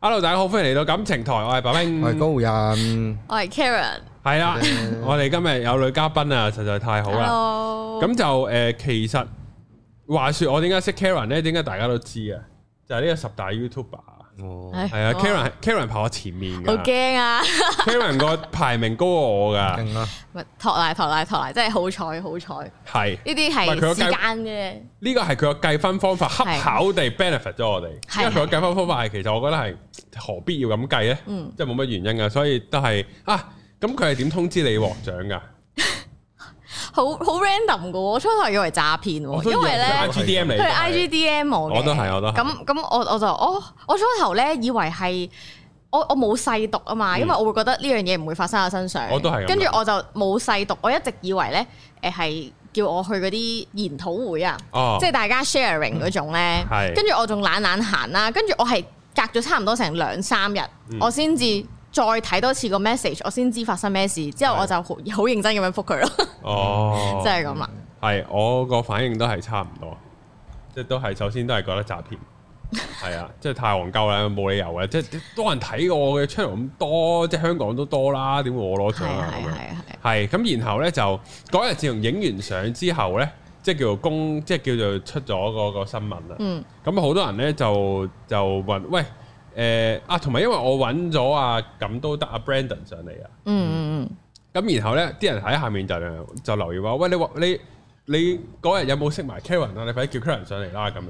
hello，大家好，歡迎嚟到感情台，我係白兵，我係高人，我係 Karen，係啦的， 我哋今日有女嘉賓啊，實在太好啦。咁 Hello 就誒、呃，其實話說我點解識 Karen 咧？點解大家都知啊？就係、是、呢個十大 YouTuber。哦，係啊，Karen，Karen 排我前面嘅，啊，好驚啊 ，Karen 個排名高過我噶，啊，托賴托賴托賴，真係好彩好彩，係呢啲係時間嘅，呢個係佢個計分方法恰巧地 benefit 咗我哋，的因為佢個計分方法係其實我覺得係何必要咁計咧，嗯、即係冇乜原因噶，所以都係啊，咁佢係點通知你獲獎噶？好好 random 嘅喎，我初頭以為詐騙喎，為呢因為咧，佢係 IGDM 嚟嘅，我都係，我都咁咁，我我就，哦，我初頭咧以為係，我我冇細讀啊嘛，嗯、因為我會覺得呢樣嘢唔會發生喺我身上，我都係，跟住我就冇細讀，我一直以為咧，誒係叫我去嗰啲研討會啊，哦、即係大家 sharing 嗰、嗯、種咧，跟住係我仲懶懶閒啦，跟住我係隔咗差唔多成兩三日，嗯、我先至，再睇多次個 message，我先知發生咩事。之後我就好認真咁樣覆佢咯。哦，即係咁啦。係，我個反應都係差唔多，即係都係首先都係覺得詐騙，係 啊，即係太憨鳩啦，冇理由嘅。即係多人睇過嘅，出嚟咁多，即係香港都多啦，點會我攞獎啊？係係啊。係咁，然後咧就嗰日自從影完相之後咧，即係叫做公，即係叫做出咗嗰個新聞啊。嗯。咁好多人咧就就問喂。誒啊，同埋因為我揾咗啊，咁都得阿、啊、Brandon 上嚟啊，嗯嗯嗯，咁、嗯、然後咧，啲人喺下面就就留言話，喂，你話你你嗰日有冇識埋 Karen 啊？你快啲叫 Karen 上嚟啦咁樣，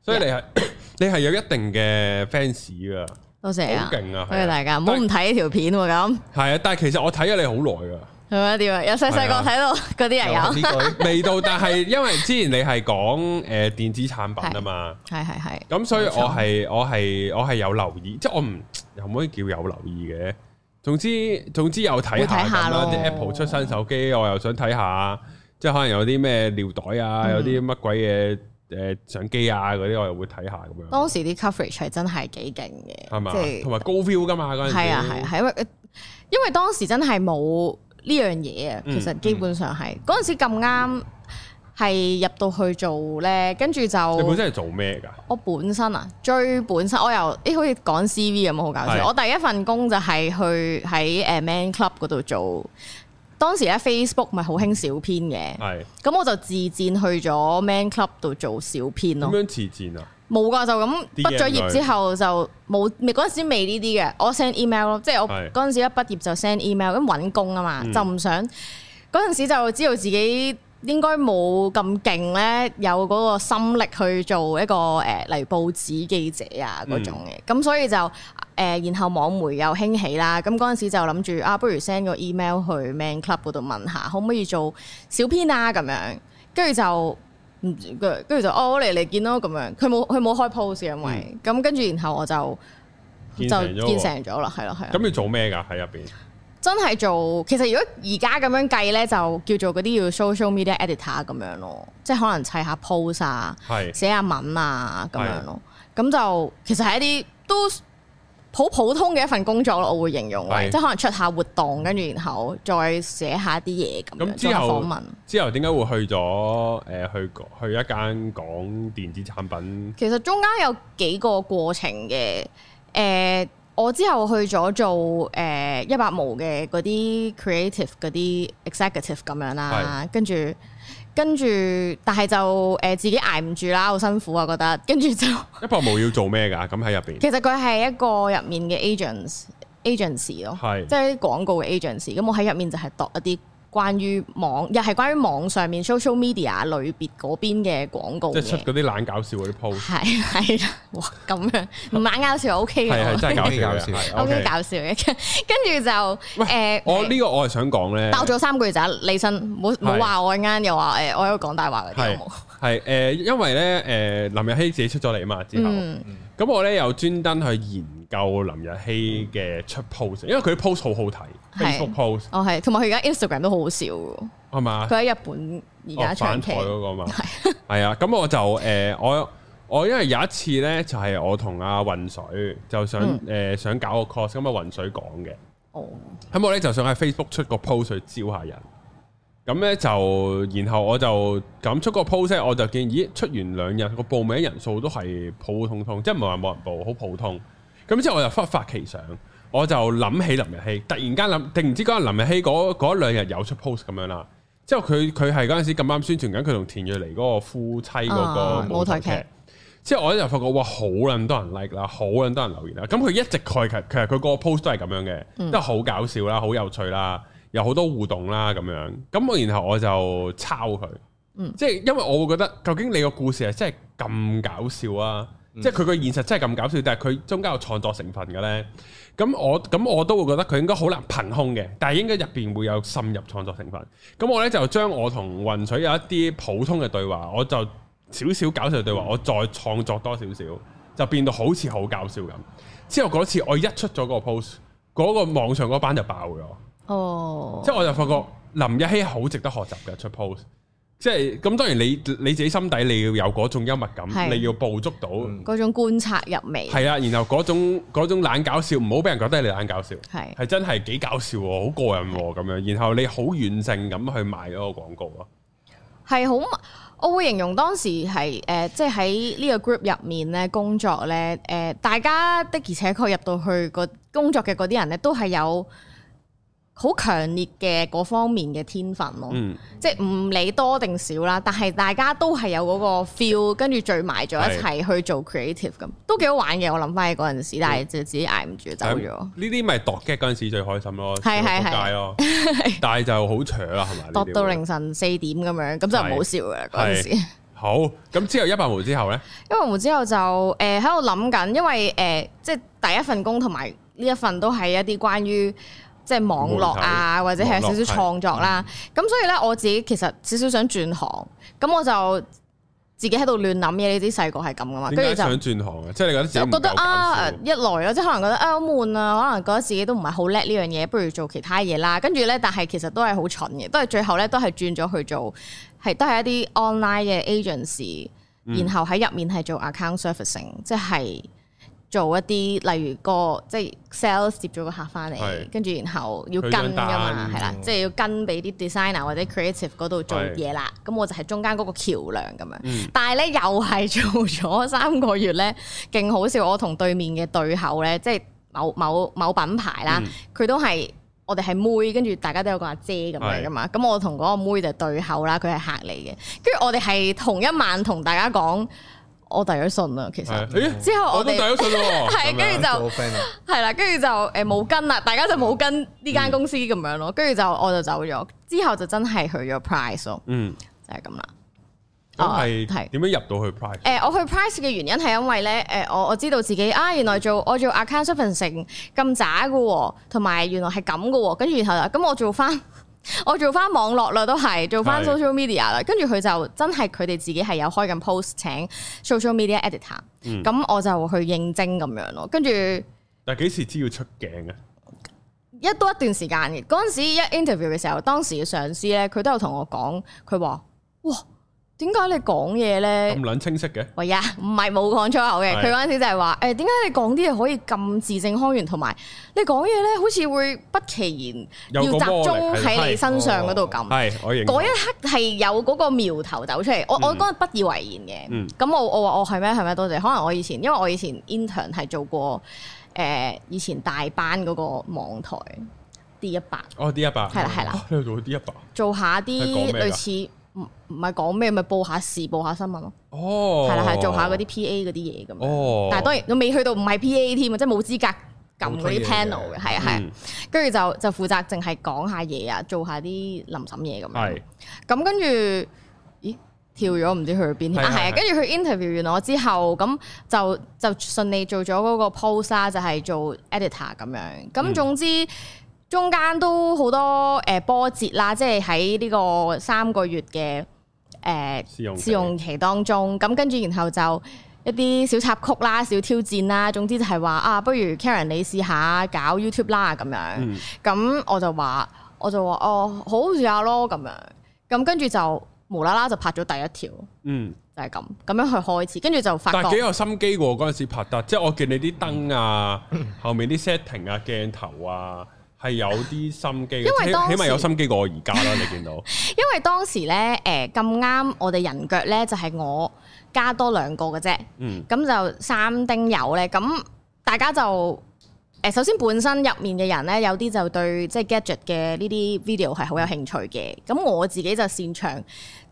所以你係、嗯、 你係有一定嘅 fans 啊。多謝，好勁啊！多謝大家，唔好唔睇條片咁。係啊，但係其實我睇咗你好耐噶。係咪點啊？由細細個睇到嗰啲人有味道，但係因為之前你係講誒電子產品啊嘛，係係係。咁所以我係我係我係有留意，即係我唔可唔可以叫有留意嘅。總之總之又睇下啦，啲 Apple 出新手機，我又想睇下，即係可能有啲咩尿袋啊，有啲乜鬼嘢。嗯誒、呃、相機啊嗰啲我又會睇下咁樣。當時啲 coverage 係真係幾勁嘅，即係同埋高 feel 噶嘛嗰陣時。係啊係係、啊啊，因為因為當時真係冇呢樣嘢啊，嗯、其實基本上係嗰陣時咁啱係入到去做咧，跟住就你本身係做咩噶？我本身啊，最本身，我又，咦、欸、好似講 CV 咁好搞笑。啊、我第一份工就係去喺誒 Man Club 嗰度做。當時喺 Facebook 咪好興小編嘅，咁是我就自薦去咗 Man Club 度做小編咯。點樣自薦啊？冇㗎，就咁畢咗業之後就冇，咪嗰陣時未呢啲嘅，我 send email 咯，即係我嗰陣時一畢業就 send email，咁搵工啊嘛，嗯、就唔想嗰陣時就知道自己。應該冇咁勁咧，有嗰個心力去做一個誒嚟報紙記者啊嗰種嘅，咁、嗯、所以就誒、呃，然後網媒又興起啦，咁嗰陣時就諗住啊，不如 send 個 email 去 man club 嗰度問下，可唔可以做小編啊咁樣。跟住就唔，跟、嗯、住就哦嚟嚟見咯咁樣，佢冇佢冇開 post 因為，咁跟住然後我就建就建成咗啦，係啦係。咁你做咩㗎？喺入邊？真係做，其實如果而家咁樣計咧，就叫做嗰啲要 social media editor 咁樣咯，即係可能砌下 post 啊，寫是下文啊咁樣咯。咁是就其實係一啲都好普通嘅一份工作咯，我會形容，是即係可能出下活動，跟住然後再寫下啲嘢咁樣。之後訪問之後點解會去咗誒、呃、去去一間講電子產品？其實中間有幾個過程嘅誒。呃我之後去咗做誒一百毛嘅嗰啲 creative 嗰啲 executive 咁樣啦、啊是，跟住跟住，但係就誒、呃、自己捱唔住啦，好辛苦啊我覺得，跟住就一百毛要做咩㗎？咁喺入邊，其實佢係一個入面嘅 agents agency 咯是，係即係廣告嘅 agency 咁，我喺入面就係度一啲。關於網又係關於網上面 social media 類別嗰邊嘅廣告，即係出嗰啲懶搞笑嗰啲 post。係係啦，哇咁樣唔懶搞笑又 OK 嘅，係係真係搞笑嘅，OK 搞笑嘅。跟住就誒，我呢個我係想講咧，爆咗三個月仔，李信冇冇話我啱又話誒，我喺度講大話嗰啲，係誒，因為咧誒，林日曦自己出咗嚟啊嘛，之後，嗯，咁我咧又專登去研究林日曦嘅出 post，因為佢啲 post 好好睇。Facebook post，哦係，同埋佢而家 Instagram 都好好笑噶。係嘛吧？佢喺日本而家、哦、唱 K 片嗰個嘛，係啊。咁、 啊、我就誒、呃，我我因為有一次咧，就係、是、我同阿雲水就想誒、嗯呃、想搞個 course，咁啊雲水講嘅。哦。咁我咧就想喺 Facebook 出個 post 去招下人。咁咧就然後我就咁出個 post 咧，我就見咦出完兩日個報名人數都係普通通，即係唔係話冇人報，好普通。咁之後我就忽發奇想。我就諗起林日曦，突然間諗，定唔知嗰日林日曦嗰嗰兩日有出 post 咁樣啦。之後佢佢係嗰陣時咁啱宣傳緊佢同田蕊妮嗰個夫妻嗰個舞台劇。啊、台劇之後我咧，就發覺哇，好咁多人 like 啦，好咁多人留言啦。咁佢一直佢其實佢個 post 都係咁樣嘅，嗯、都係好搞笑啦，好有趣啦，有好多互動啦咁樣。咁我然後我就抄佢，即係、嗯、因為我會覺得，究竟你個故事係真係咁搞笑啊？嗯、即係佢個現實真係咁搞笑，但係佢中間有創作成分嘅咧。咁我咁我都會覺得佢應該好難憑空嘅，但係應該入邊會有深入創作成分。咁我咧就將我同雲水有一啲普通嘅對話，我就少少搞笑對話，我再創作多少少，就變到好似好搞笑咁。之後嗰次我一出咗個 post，嗰個網上嗰班就爆咗。哦，即係我就發覺林日曦好值得學習嘅出 post。即係咁，當然你你自己心底你要有嗰種幽默感，是你要捕捉到嗰、嗯、種觀察入微。係啊，然後嗰種嗰種懶搞笑，唔好俾人覺得你懶搞笑。係係是真係幾搞笑，好過癮咁樣。是然後你好軟性咁去賣嗰個廣告咯。係好，我會形容當時係誒，即係喺呢個 group 入面咧工作咧，誒、呃，大家的而且確入到去個工作嘅嗰啲人咧，都係有，好強烈嘅嗰方面嘅天分咯，嗯、即係唔理多定少啦。但係大家都係有嗰個 feel，跟住聚埋咗一齊去做 creative 咁，都幾好玩嘅。我諗翻起嗰陣時，但係就自己捱唔住走咗。呢啲咪度嘅嗰陣時最開心咯，係係係，但係就好長啦，係咪度到凌晨四點咁樣，咁就唔好笑嘅嗰陣時。好，咁之後100毛之後呢？100毛之後就誒喺度諗緊，因為誒、呃、即係第一份工同埋呢一份都係一啲關於。即係網絡啊，或者係有少少創作啦。咁所以咧，我自己其實少少想轉行，咁我就自己喺度亂諗嘢。呢啲細個係咁噶嘛，跟住就想轉行即、啊、係、就係、你覺得自己覺得啊，一來咯，即係可能覺得啊好悶啊，可能覺得自己都唔係好叻呢樣嘢，不如做其他嘢啦。跟住咧，但係其實都係好蠢嘅，都係最後咧都係轉咗去做，係都係一啲 online 嘅 agency，、嗯、然後喺入面係做 account servicing，即係。做一啲例如個即係 sales 接咗個客翻嚟，跟住的然後要跟噶嘛，係啦了的，即係要跟俾啲 designer 或者 creative 嗰度做嘢啦。咁是的 我就係中間嗰個橋梁咁樣。嗯、但係咧又係做咗三個月咧，勁好笑！我同對面嘅對口咧，即係某某某，某品牌啦，佢、嗯、都係我哋係妹，跟住大家都有個阿姐咁樣噶是的 嘛。咁我同嗰個妹就係對口啦，佢係客嚟嘅。跟住我哋係同一晚同大家講。我遞咗信啦，其實，之後我都遞咗信咯，係跟住就係啦，跟住就誒冇跟啦，大家就冇跟呢間公司咁樣咯，跟住就我就走咗，之後就真係去咗 Price 咯，嗯，就係咁啦。咁係點樣入到去 Price？誒，我去 Price 嘅原因係因為咧，誒，我我知道自己啊，原來做我做 account servicing 咁渣噶喎，同埋原來係咁噶喎，跟住然後啦，咁我做翻。我做翻網絡啦，都係做翻 social media 啦，是跟住佢就真係佢哋自己係有開緊 post，請 social media editor，咁、嗯、我就去應徵咁樣咯，跟住，但幾時知要出鏡嘅？一多一段時間嘅，嗰陣時一 interview 嘅時候，當時嘅上司咧，佢都有同我講，佢話，哇！點解你講嘢咧咁捻清晰嘅？喂呀， 唔係冇講粗口嘅。佢嗰陣時就係、欸、話，誒，點解你講啲嘢可以咁字正腔圓，同埋你講嘢咧，好似會不其然要集中喺你身上嗰度咁。係，我認。嗰、哦、按一刻係有嗰個苗頭走出嚟。我我嗰陣不以為然嘅。嗯。咁我我話我係咩係咩？多謝。可能我以前因為我以前 intern 係做過誒、呃、以前大班嗰個網台 D 一百、哦。哦，D 一百。係啦係啦。你做 D 一百。做下啲類似。唔唔係講咩？咪、就是、報下事，報下新聞咯。哦，oh，係啦係，做下嗰啲 PA 嗰啲嘢咁。哦，但係當然都未去到唔係 PA 添啊，即係冇資格撳嗰啲 panel 嘅。係啊係啊，跟住、嗯、就就負責淨係講下嘢啊，做下啲臨審嘢咁樣。係的，咁跟住，咦？跳咗唔知去邊的啊？係啊，跟住佢 interview 完我之後，咁就就順利做咗嗰個 poster，就係做 editor 咁樣。咁總之。嗯中間都好多誒波折啦，即係喺呢個三個月嘅誒、呃、試用、試用期當中，咁跟住然後就一啲小插曲啦、小挑戰啦，總之就係話啊，不如 Karen 你試下搞 YouTube 啦咁樣。咁我就話，我就話哦，好好試下咯咁樣。咁跟住就無啦啦就拍咗第一條，嗯，就係咁咁樣去開始。跟住就發覺幾有心機喎，嗰陣時拍得，即係我見你啲燈啊，嗯、後面啲 setting 啊、鏡頭啊。 係有啲心機，因為起起碼有心機過我而家啦！ 你見到，因為當時咧誒咁啱，呃、我哋人腳咧就係我加多兩個嘅啫，咁、嗯、就三丁友咧，咁大家就。首先本身入面嘅人咧，有啲就對即係 gadget 嘅呢啲 video 係好有興趣嘅。咁我自己就擅長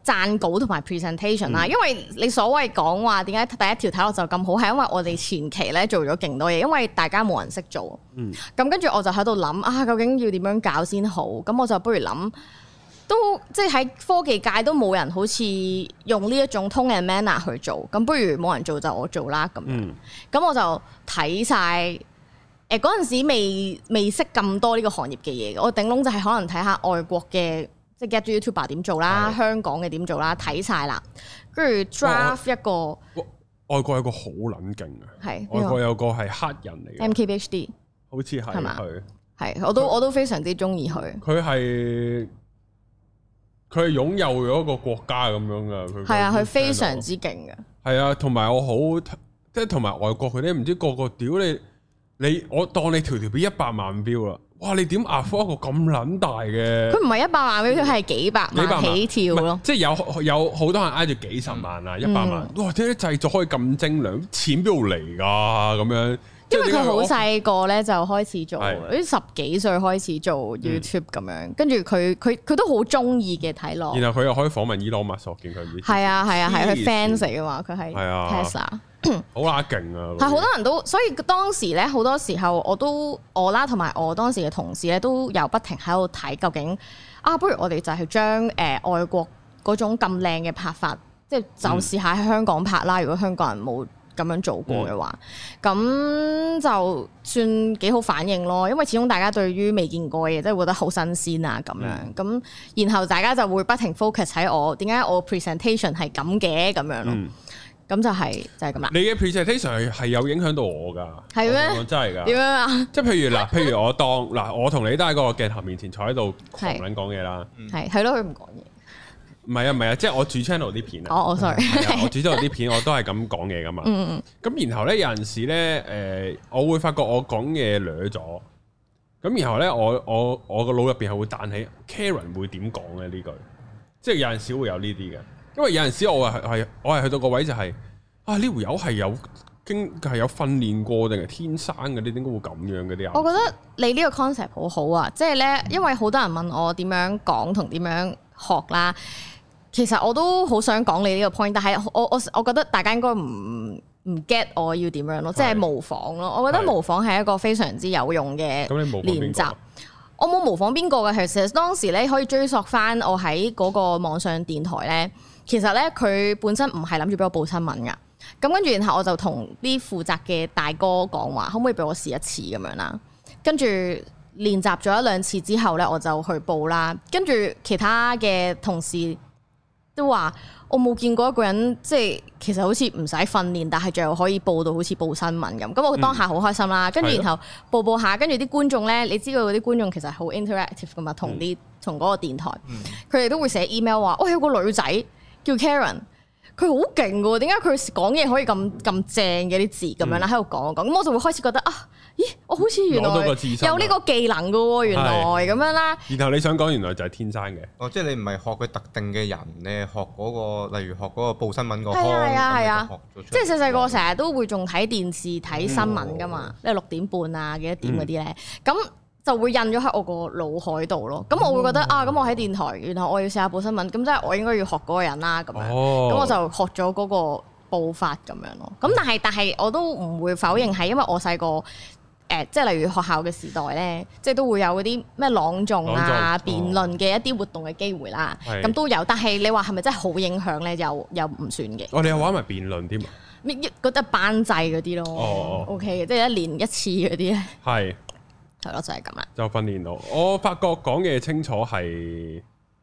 撰稿同埋 presentation 啦。嗯、因為你所謂講話點解第一條睇落就咁好，係因為我哋前期咧做咗勁多嘢，因為大家冇人識做。嗯。咁跟住我就喺度諗啊，究竟要點樣搞先好？咁我就不如諗都即係喺科技界都冇人好似用呢一種通嘅 manner 去做。咁不如冇人做就我做啦。咁咁、嗯、我就睇晒。誒，嗰陣時未未識咁多呢個行業嘅嘢，我頂籠就係可能睇下外國嘅，即係 get YouTuber 點做啦，的香港嘅點做啦，睇晒啦，跟住 draft 一個。外國有個好冷勁嘅，外國有個係、這個、黑人嚟嘅。MKBHD 好似係係係，我都他我都非常之中意佢。佢係佢係擁有咗一個國家咁樣噶，佢係啊，佢非常之勁嘅。係啊，同埋我好即係同埋外國佢啲唔知個個屌你。你我當你條條片一百萬 v 啊，哇！你點壓服一個咁卵大嘅？佢唔係一百萬 v 佢係幾百萬起跳咯。即係有有好多人挨住幾十萬啊，一百、嗯、萬。哇！啲製作可以咁精良，錢邊度嚟噶咁樣？因為佢好細個咧就開始做，啲的十幾歲開始做 YouTube 咁樣。跟住佢佢佢都好中意嘅睇落。然後佢又可以訪問伊朗瑪索見佢啲。係啊係啊係，佢 fans 嚟噶嘛？佢係。係啊。好乸勁啊！係 好 多人都，所以當時咧好多時候我，我都我啦，同埋我當時嘅同事咧都有不停喺度睇，究竟啊，不如我哋就係將誒外國嗰種咁靚嘅拍法，即係就試下喺香港拍啦。如果香港人冇咁樣做過嘅話，咁、嗯、就算幾好反應咯。因為始終大家對於未見過嘅嘢，即係覺得好新鮮啊，咁樣咁，嗯、然後大家就會不停 focus 喺我，點解我 presentation 係咁嘅咁樣咯。咁就係、是、就係咁啦。你嘅 presentation 係有影響到我噶，係咩嗎？真係噶點樣啊？即係譬如嗱，譬如我當嗱， 我同你都喺個鏡頭面前坐喺度狂撚講嘢啦，係係咯，佢唔講嘢。唔係啊唔係啊，即、就、係、是、我主 channel 啲片啊。哦、 嗯，我 sorry，我主 channel 啲片 我都係咁講嘢噶嘛。 嗯，咁然後咧有陣時咧，誒、呃，我會發覺我講嘢掠咗。咁然後咧，我我我個腦入邊係會彈起 Karen 會點講咧呢句？即係有陣時會有呢啲嘅。因為有陣時我係係我係去到個位就係、是、啊，呢條友係有經係有訓練過定係天生嘅呢？點解會咁樣嘅啲友？我覺得你呢個 concept 好好啊！即係咧，因為好多人問我點樣講同點樣學啦。其實我都好想講你呢個 point，但係我我我覺得大家應該唔唔 get 我要點樣咯，即、就、係、是、模仿咯。是我覺得模仿係一個非常之有用嘅練習。我冇模仿邊個嘅，其實當時咧可以追溯翻我喺嗰個網上電台咧。其實咧，佢本身唔係諗住俾我報新聞噶。咁跟住，然後我就同啲負責嘅大哥講話，可唔可以俾我試一次咁樣啦？跟住練習咗一兩次之後咧，我就去報啦。跟住其他嘅同事都話，我冇見過一個人，即係其實好似唔使訓練，但係仲有可以報到好似報新聞咁。咁我當下好開心啦。跟住、嗯、然，然後報一報一下，跟住啲觀眾咧，你知道嗰啲觀眾其實好 interactive 噶嘛，同啲同嗰個電台，佢哋、嗯、都會寫 email 話，我、哎、有個女仔。叫 Karen，佢好勁嘅喎，點解佢講嘢可以咁咁正嘅啲字咁樣啦？喺度講講，咁我就會開始覺得啊，咦，我好似原,原來有呢個技能嘅喎，嗯、原來咁是樣啦。然後你想講原來就係天生嘅，哦，即係你唔係學佢特定嘅人咧，學嗰、嗰個，例如學嗰個報新聞個，係啊係啊係啊，啊啊即係細細個成日都會仲睇電視睇新聞噶嘛，例如、嗯嗯、六點半啊幾多點嗰啲咧，咁、嗯。嗯就會印咗喺我個腦海度咯，咁我會覺得、哦、啊，咁我喺電台，然後我要試下報新聞，咁即係我應該要學嗰個人啦，咁樣，咁、哦、我就學咗嗰個步法咁樣咯。咁但係但係我都唔會否認係，因為我細個誒，即係例如學校嘅時代咧，即係都會有嗰啲咩朗誦啊、哦、辯論嘅一啲活動嘅機會啦，咁、哦、都有。但係你話係咪真係好影響咧？又又唔算嘅。我哋、哦、玩埋辯論添啊！咩？嗰啲班制嗰啲咯。哦、o、okay, K，即係一年一次嗰啲咧。係是的。 係咯，就係咁啦。就訓練到，我發覺講嘢清楚係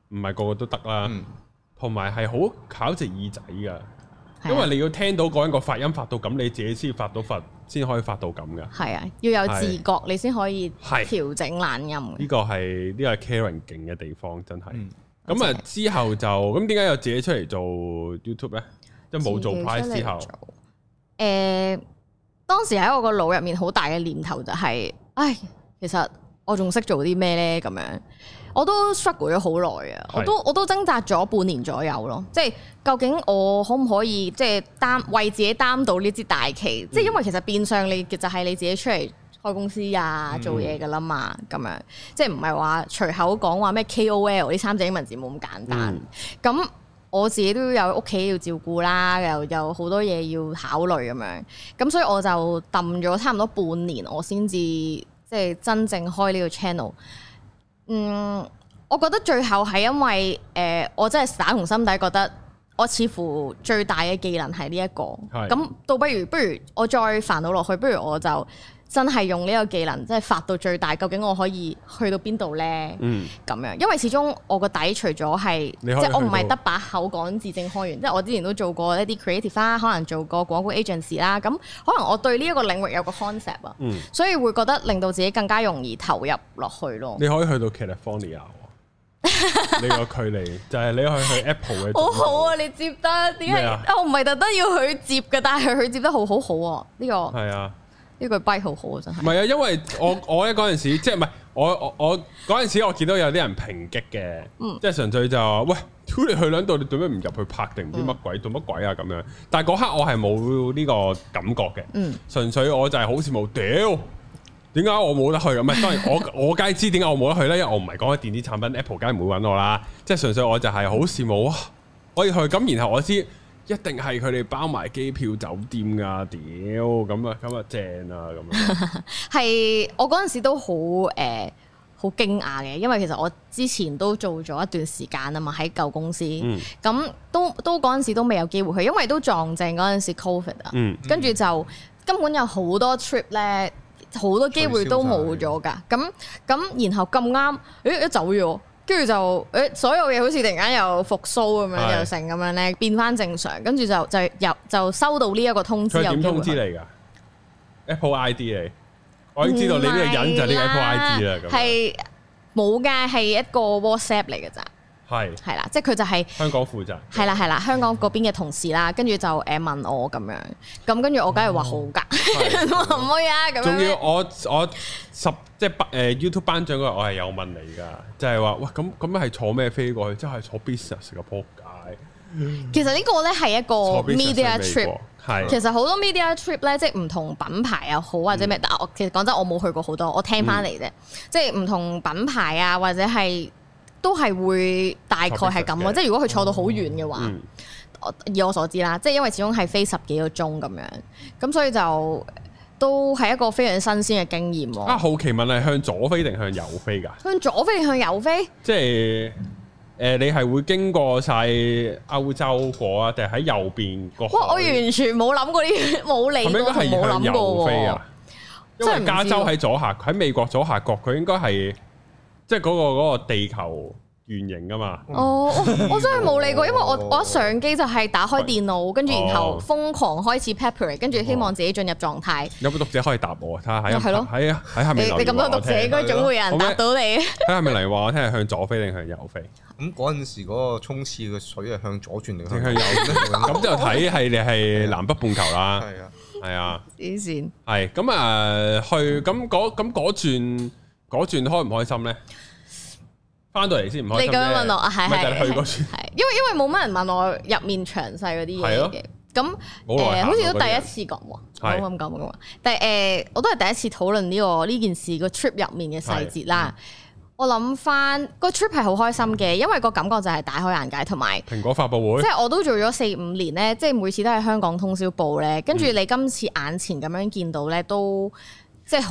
唔係個個都得啦，同埋係好考隻耳仔噶，啊、因為你要聽到嗰個發音發到咁，你自己先發到發，先可以發到咁噶。係啊，要有自覺，你先可以調整懶音。呢、這個係呢、這個係 Karen 勁嘅地方，真係。咁啊、嗯，嗯、之後就咁點解有自己出嚟做 YouTube 咧？即冇 做牌之後。誒、呃，當時喺我個腦入面好大嘅念頭就係、是，唉。唉其實我仲識做啲咩呢？咁樣我都 struggle 咗好耐嘅，我都是我都掙扎咗半年左右咯。即係究竟我可唔可以即係擔為自己擔到呢支大旗？即係、嗯、因為其實變相你就係你自己出嚟開公司啊，做嘢噶啦嘛。咁樣即係唔係話隨口講話咩 KOL 呢三隻英文字冇咁簡單。咁、嗯、我自己都有屋企要照顧啦，又有好多嘢要考慮咁樣。咁所以我就揼咗差唔多半年，我先至。即係真正開呢個 channel，嗯，我覺得最後係因為誒、呃，我真係打從心底覺得我似乎最大嘅技能係呢一個，咁是倒不如，不如我再煩惱落去，不如我就。真係用呢個技能，即係發到最大，究竟我可以去到邊度呢？咁、嗯、樣，因為始終我個底除咗係，即係我唔係得把口講字正腔圓。嗯、即係我之前都做過一啲 creative 啦，可能做過廣告 agency 啦，咁可能我對呢一個領域有個 concept 啊，嗯、所以會覺得令到自己更加容易投入落去咯。你可以去到 California 你呢個距離就係你可以去去 Apple 好 好啊，你接得點解？啊、我唔係特登要佢接嘅，但係佢接得，得好好好啊！呢、呢個係啊。 呢個跛好好啊，真係！唔係啊，因為我我喺嗰陣時，即係唔係我我我嗰陣時，我見到有啲人抨擊嘅，嗯，即係純粹就喂，你去兩度，你做咩唔入去拍定唔知乜鬼做乜鬼啊咁樣？但係嗰刻我係冇呢個感覺嘅，嗯，純粹我就係好羨慕，屌點解我冇得去？咁係當然我 我梗係知點解我冇得去啦，因為我唔係講喺電子產品，Apple 梗係唔會揾我啦。即係純粹我就係好羨慕，我可以去咁，然後，然後我知。一定係佢哋包埋機票酒店噶、啊，屌咁啊咁啊正啊咁啊，係 我嗰陣時都好誒，好、呃、驚訝嘅，因為其實我之前都做咗一段時間啊嘛，喺舊公司。嗯。咁都都嗰陣時都未有機會去，因為都撞正嗰陣時 COVID 啊。跟住、嗯嗯、就根本有好多 trip 咧，好多機會都冇咗噶。咁咁，然後咁啱，誒一走咗。跟住就誒、欸、所有嘢好似突然間又復蘇咁樣是又成咁樣咧，變翻正常。跟住就就入就，就，就收到呢一個通知入嚟。通知嚟㗎 Apple ID 嚟，我已經知道你呢個人就係呢個 Apple ID 啦。係冇㗎，係一個 WhatsApp 嚟㗎咋。係係啦，即係佢就係、是、香港負責。係啦係啦，香港嗰邊嘅同事啦，跟住就誒問我咁樣，咁跟住我梗係話好㗎，唔可以啊？仲要我嗎我十即係頒誒 YouTube 頒獎嗰日，我係、呃、有問你㗎，就係、是、話哇咁咁樣係坐咩飛過去？即係坐 business 個仆街。其實呢個咧係一個 media trip。係。其實好多 media trip 咧，即係唔同品牌又好或者咩，但我其實講真，我冇去過好多，我聽翻嚟啫。嗯、即係唔同品牌啊，或者係。都係會大概係咁咯，即係如果佢坐到好遠嘅話，嗯、以我所知啦，即係因為始終係飛十幾個鐘咁樣，咁所以就都係一個非常新鮮嘅經驗、啊。好奇問係向左飛定向右飛噶？向左飛定向右飛？飛右飛即係誒、呃，你係會經過晒歐洲過啊？定係喺右邊過？我完全冇諗過呢，冇理，係咪應該係向右飛啊？因為加州喺左下，喺美國左下角，佢應該係。即係嗰個個地球圓形噶嘛？哦，我真係冇理過，因為我我一上機就係打開電腦，跟住然後瘋狂開始 pepper，跟住希望自己進入狀態。有冇讀者可以答我？睇下喺。係咯，係啊，喺下面。你咁多讀者，應該總會有人答到你。睇下咪嚟話我聽，係向左飛定向右飛？咁嗰陣時嗰個衝刺嘅水係向左轉定向向右？咁就睇係你係南北半球啦。係啊，係啊，天線係咁啊，去咁嗰咁轉。嗰轉開唔開心咧？翻到嚟先唔開心。你咁樣問我啊？係係係。因為因為冇乜人問我入面詳細嗰啲嘢嘅。咁誒那，呃、好似都第一次講喎。係咁講咁講。但係誒、呃，我都係第一次討論呢個呢件事個 trip 入面嘅細節啦。我諗翻個 trip 係好開心嘅，因為個感覺就係大開眼界，同埋蘋果發布會。即係我都做咗四五年咧，即係每次都喺香港通宵報咧，跟住你今次眼前咁樣見到咧，都即係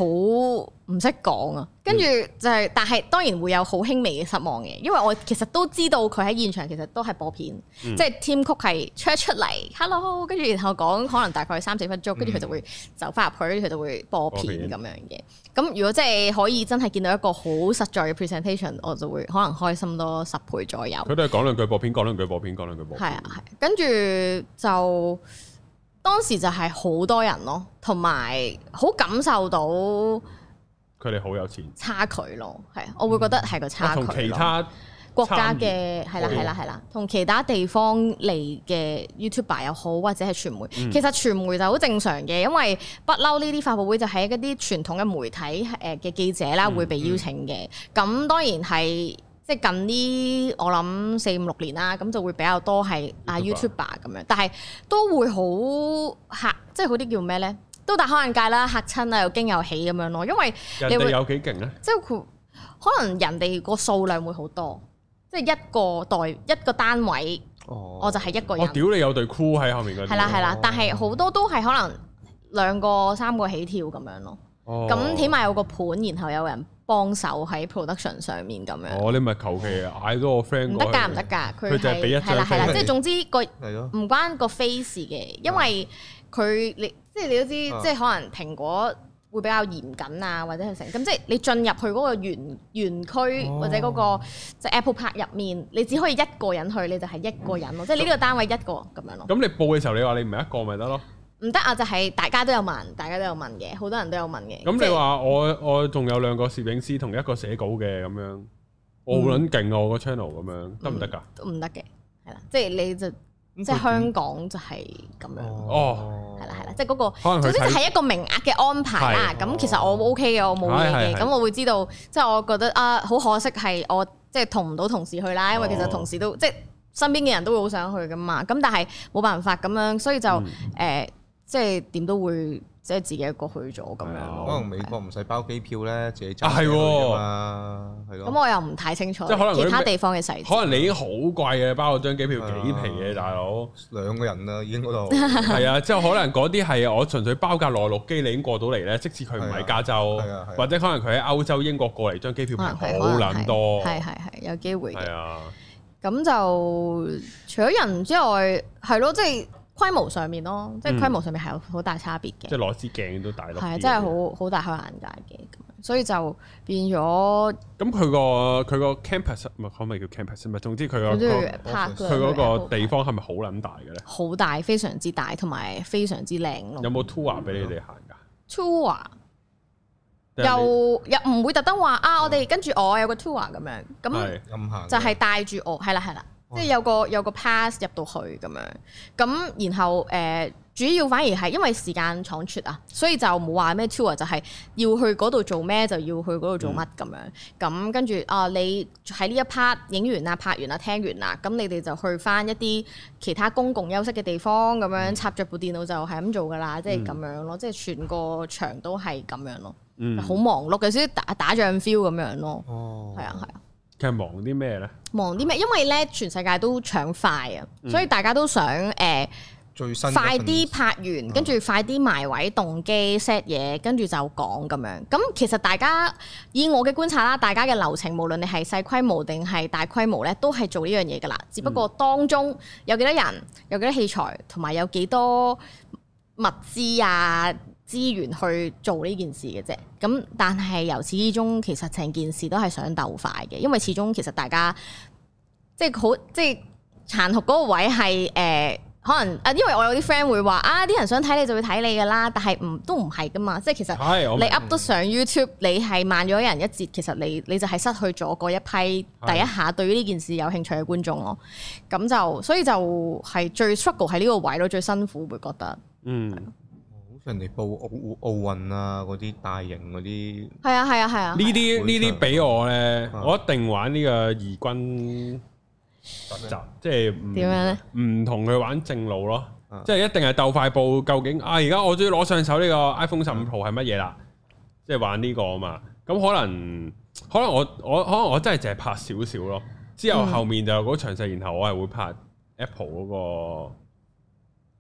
好。唔識講啊！跟住就係、是，但係當然會有好輕微嘅失望嘅，因為我其實都知道佢喺現場其實都係播片，嗯、即係 Tim Cook 係出出嚟，Hello，跟住然後講可能大概三四分鐘，跟住佢就會走翻入去，佢就會播片咁片樣嘅。咁如果即係可以真係見到一個好實在嘅 presentation，我就會可能開心多十倍左右。佢哋講兩句播片，講兩句播片，講兩句播片。係啊，係、啊。跟住就當時就係好多人咯，同埋好感受到。佢哋好有錢，差距咯，係啊，我會覺得係個差距、啊、其他國家嘅係啦係啦係啦，同其他地方嚟嘅 YouTuber 又好，或者係傳媒，嗯、其實傳媒就好正常嘅，因為不嬲呢啲發佈會就係嗰啲傳統嘅媒體誒嘅記者啦會被邀請嘅。咁、嗯嗯、當然係即係近啲，我諗四五六年啦，咁就會比較多係啊 YouTuber 咁樣，嗯、但係都會好客，即係嗰啲叫咩咧？都大開眼界啦，嚇親啦，又驚又喜咁樣咯。因為人哋有幾勁咧，即係佢，可能人哋個數量會好多，即係一個代一個單位，哦、我就係一個人。我屌、哦、你有對箍喺後面嗰啲。係啦係啦，哦、但係好多都係可能兩個三個起跳咁樣咯。咁、哦、起碼有個盤，然後有人幫手喺 production 上面咁樣。哦，你咪求其嗌多個 friend。唔得㗎，唔得㗎，佢就係俾一隻。係啦係啦，即係總之個唔關個 face 嘅，因為佢你。即係你都知，即係可能蘋果會比較嚴謹啊，或者係成咁。即係你進入去嗰個園園區或者嗰個即係 Apple Park 入面，你只可以一個人去，你就係一個人咯。即係呢個單位一個咁樣咯。咁你報嘅時候，你話你唔係一個咪得咯？唔得啊！就係大家都有問，大家都有問嘅，好多人都有問嘅。咁你話我我仲有兩個攝影師同一個寫稿嘅咁樣，我好撚勁啊！我個 channel 咁樣得唔得㗎？都唔得嘅，係啦，即係你就。即係香港就係咁樣，係啦係啦，即係嗰、那個總之就係一個名額嘅安排啦。咁、哦、其實我 OK 嘅，我冇咩嘅。咁、哎哎哎、我會知道，即、就、係、是、我覺得啊，好可惜係我即係同唔到同事去啦。因為其實同事都、哦、即係身邊嘅人都會好想去噶嘛。咁但係冇辦法咁樣，所以就誒、嗯呃，即係點都會。即係自己一個去咗咁樣，可能美國唔使包機票咧，自己走。係㗎嘛，係咯。咁我又唔太清楚，即係可能其他地方嘅細。可能你已經好貴嘅包咗張機票幾皮嘅大佬，兩個人啦已經嗰度。係啊，即係可能嗰啲係我純粹包架內陸機，你已經過到嚟咧。即使佢唔喺加州，或者可能佢喺歐洲英國過嚟張機票可能好撚多。係係係，有機會嘅。係啊，咁就除咗人之外，係咯，即係。規模上面咯，即係規模上面係有好大差別嘅、嗯。即係攞支鏡都大咯。係啊，真係好好大開眼界嘅咁，所以就變咗。咁佢、個佢個 campus 咪可唔可以叫 campus？唔係，總之佢、個佢嗰個地方係咪好撚大嘅咧？好大，非常之大，同埋非常之靚咯。有冇、嗯、tour 俾你哋行噶？Tour 又又唔會特登話啊！我哋跟住我有個 tour 咁樣咁，就係帶住我係啦，係啦。即係有個有個 pass 入到去咁樣，咁然後誒、呃、主要反而係因為時間倉促啊，所以就冇話咩 tour 就係要去嗰度做咩就要去嗰度做乜咁樣，咁跟住啊你喺呢一 part 影完啊、拍完啦聽完啦，咁你哋就去返一啲其他公共休息嘅地方咁樣插着部電腦就係咁做㗎啦、嗯，即係咁樣咯，即係全個場都係咁樣咯，好、嗯、忙碌嘅，所以打打仗 feel 咁樣咯，哦，係啊係啊。其實忙啲咩咧？忙啲咩？因為咧，全世界都搶快啊，嗯、所以大家都想誒、呃、最快啲拍完，跟住快啲埋位動機 set 嘢，跟住就講咁樣。咁其實大家以我嘅觀察啦，大家嘅流程，無論你係細規模定係大規模咧，都係做呢樣嘢噶啦。只不過當中有幾多人、有幾多器材同埋有幾多物資啊，資源去做呢件事嘅啫，咁但係由始至終其實成件事都係想鬥快嘅，因為始終其實大家即係好即係殘酷嗰個位係誒、呃，可能啊，因為我有啲 friend 會話啊，啲人想睇你就會睇你噶啦，但係唔、嗯、都唔係噶嘛，即係其實你 up 得上 YouTube，你係慢咗人一截，其實你你就係失去咗嗰一批第一下對於呢件事有興趣嘅觀眾咯，咁的就所以就係最 struggle 喺呢個位咯，最辛苦會覺得嗯。人哋報奧奧運啊，嗰啲大型嗰啲係啊係啊係啊！ 我呢啲呢啲俾我咧， 我一定玩呢個二軍特集，即係點樣咧？唔同佢玩正路咯，即係 一定係鬥快報。究竟啊，而家我最攞上手呢個 iPhone 十五 Pro 係乜嘢啦？即係、嗯、玩呢個啊嘛。咁、嗯、可能可能我我可能我真係淨係拍少少咯。之後後面就有嗰個詳細，然後我係會拍 Apple 嗰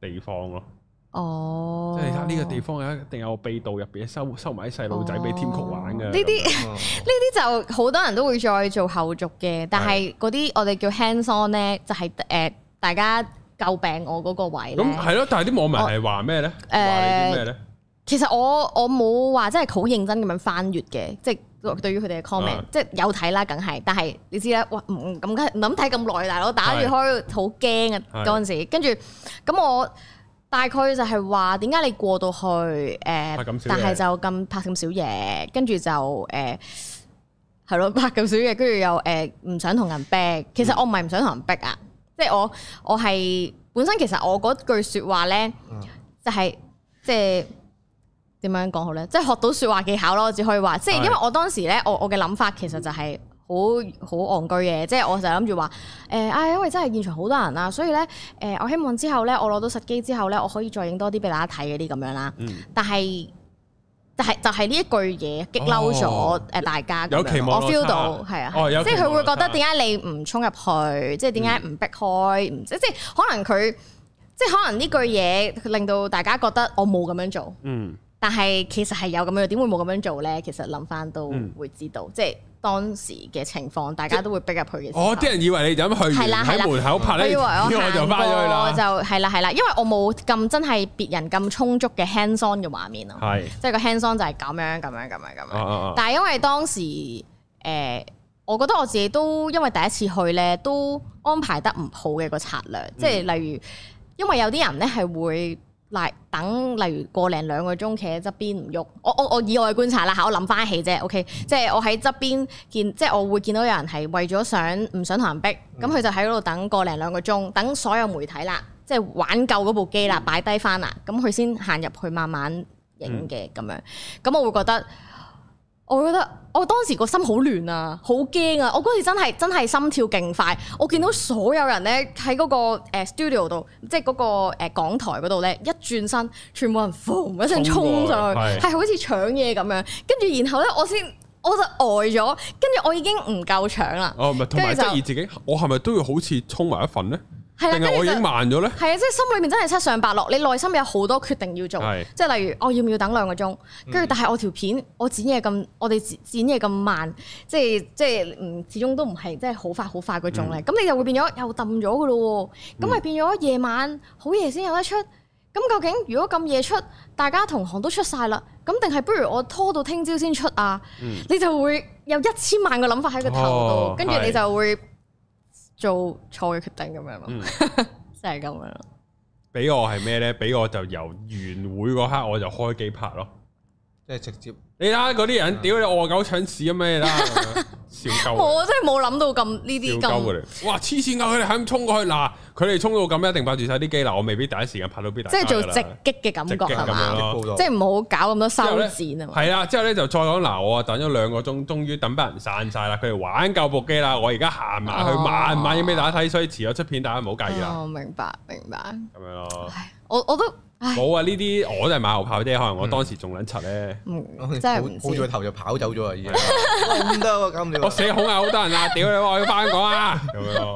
個地方咯。哦，即係呢個地方啊，一定有一個秘道入邊收收埋啲細路仔俾天曲玩嘅。呢啲呢啲就好多人都會再做後續嘅，但係嗰啲我哋叫 hands on 咧，就係、是、誒大家詬病我嗰個位。咁係咯，但係啲網民係話咩咧？誒、哦，咩、呃、咧？呢其實我我冇話真係好認真咁樣翻閱嘅，即、就、係、是、對於佢哋嘅 comment，即係有睇啦，梗係。但係你知啦，哇，唔咁諗睇咁耐，大佬打住開好驚啊嗰陣時，跟住咁我。嗯嗯嗯大概就係話點解你過到去誒，呃、但係就咁拍咁少嘢，跟住就誒係咯，拍咁少嘢，跟住又誒唔、呃、想同人逼。其實我唔係唔想同人逼啊，嗯、即係我我係本身其實我嗰句說話咧，就係即係點樣講好咧？即係、就係、學到說話技巧咯，我只可以話，即係的因為我當時咧，我我嘅諗法其實就係、是。好好戇居嘅，即係我就係諗住話誒，唉、哎，因為真係現場好多人啦，所以咧誒，我希望之後咧，我攞到實機之後咧，我可以再影多啲俾大家睇嗰啲咁樣啦。但係，就係就係呢一句嘢激嬲咗誒大家。哦、咁樣有期望。我 feel 到，係啊、哦。即係佢會覺得點解你唔衝入去？即係點解唔逼開？即即可能佢，即可能呢句嘢令到大家覺得我冇咁樣做。嗯。但係其實係有咁樣，點會冇咁樣做咧？其實諗翻都會知道，即係、嗯。當時嘅情況，大家都會逼入去嘅。我啲、哦、人以為你咁去喺門口拍呢啲，以為我，為我就翻咗去啦。就係啦，係啦，因為我冇咁真係別人咁充足嘅 hands-on 嘅畫面咯。係的，即係個 hands-on 就係咁樣，咁樣，咁樣，咁樣、哦。但係因為當時，誒、呃，我覺得我自己都因為第一次去咧，都安排得唔好嘅個策略，即係、嗯、例如，因為有啲人咧係會。嗱，等，例如過零兩個鐘企喺側邊唔喐，我我我以外觀察啦嚇，我諗翻起啫，OK，、嗯、即係我喺側邊見，即係我會見到有人係為咗想唔想同人逼，咁佢就喺嗰度等過零兩個鐘，等所有媒體啦，即係玩夠嗰部機啦，擺低翻啦，咁佢先行入去慢慢影嘅咁樣，咁我會覺得。我覺得我當時個心好亂啊，好驚啊！我嗰時真係真係心跳勁快，我見到所有人咧喺嗰個誒 studio 度，即係嗰個誒講台嗰度咧，一轉身，全部人 boom 一聲衝上去，係是好似搶嘢咁樣。跟住然後咧，我先我就呆咗，跟住我已經唔夠搶啦。哦，咪同埋質疑自己，後我係咪都要好似衝埋一份咧？定係我已經慢咗咧？係啊，即係心裏面真係七上八落，你內心有好多決定要做。即係是例如我要唔要等兩個鐘？跟住、嗯、但係我條片我剪嘢咁，我哋剪嘢咁慢，即係即係嗯，始終都唔係即係好快好快嗰種咧。咁、嗯、你就會變咗又揼咗嘅咯喎。咁咪、嗯、變咗夜晚好夜先有得出？咁究竟如果咁夜出，大家同行都出晒啦，咁定係不如我拖到聽朝先出啊？嗯、你就會有一千萬個諗法喺個頭度，跟住、哦、你就會。做錯嘅決定咁樣咯，就係咁樣。嗯、 俾我係咩咧？俾我就由完會嗰刻我就開機拍咯。即係直接，你啦嗰啲人，屌你餓狗搶屎咁咩？啦，笑我真係冇諗到咁呢啲哇，黐線噶，佢哋係咁衝過去嗱，佢哋衝到咁，一定擺住晒啲機嗱，我未必第一時間拍到俾大家即係做直擊嘅感覺係嘛？即係唔好搞咁多修剪啊！係啦，之後咧就再講嗱，我等咗兩個鐘，終於等班人散晒啦，佢哋玩夠部機啦，我而家行埋去，慢慢咁俾大家睇，所以遲咗出片，大家唔好介意啦。我明白，明白。咁樣咯。我我都冇啊！呢啲我都係馬後炮啫，可能我當時仲撚柒咧，抱住、嗯、頭就跑走咗、 哦、啊！依家咁多咁，我寫好係好多人啊！屌你，我要翻香港啊！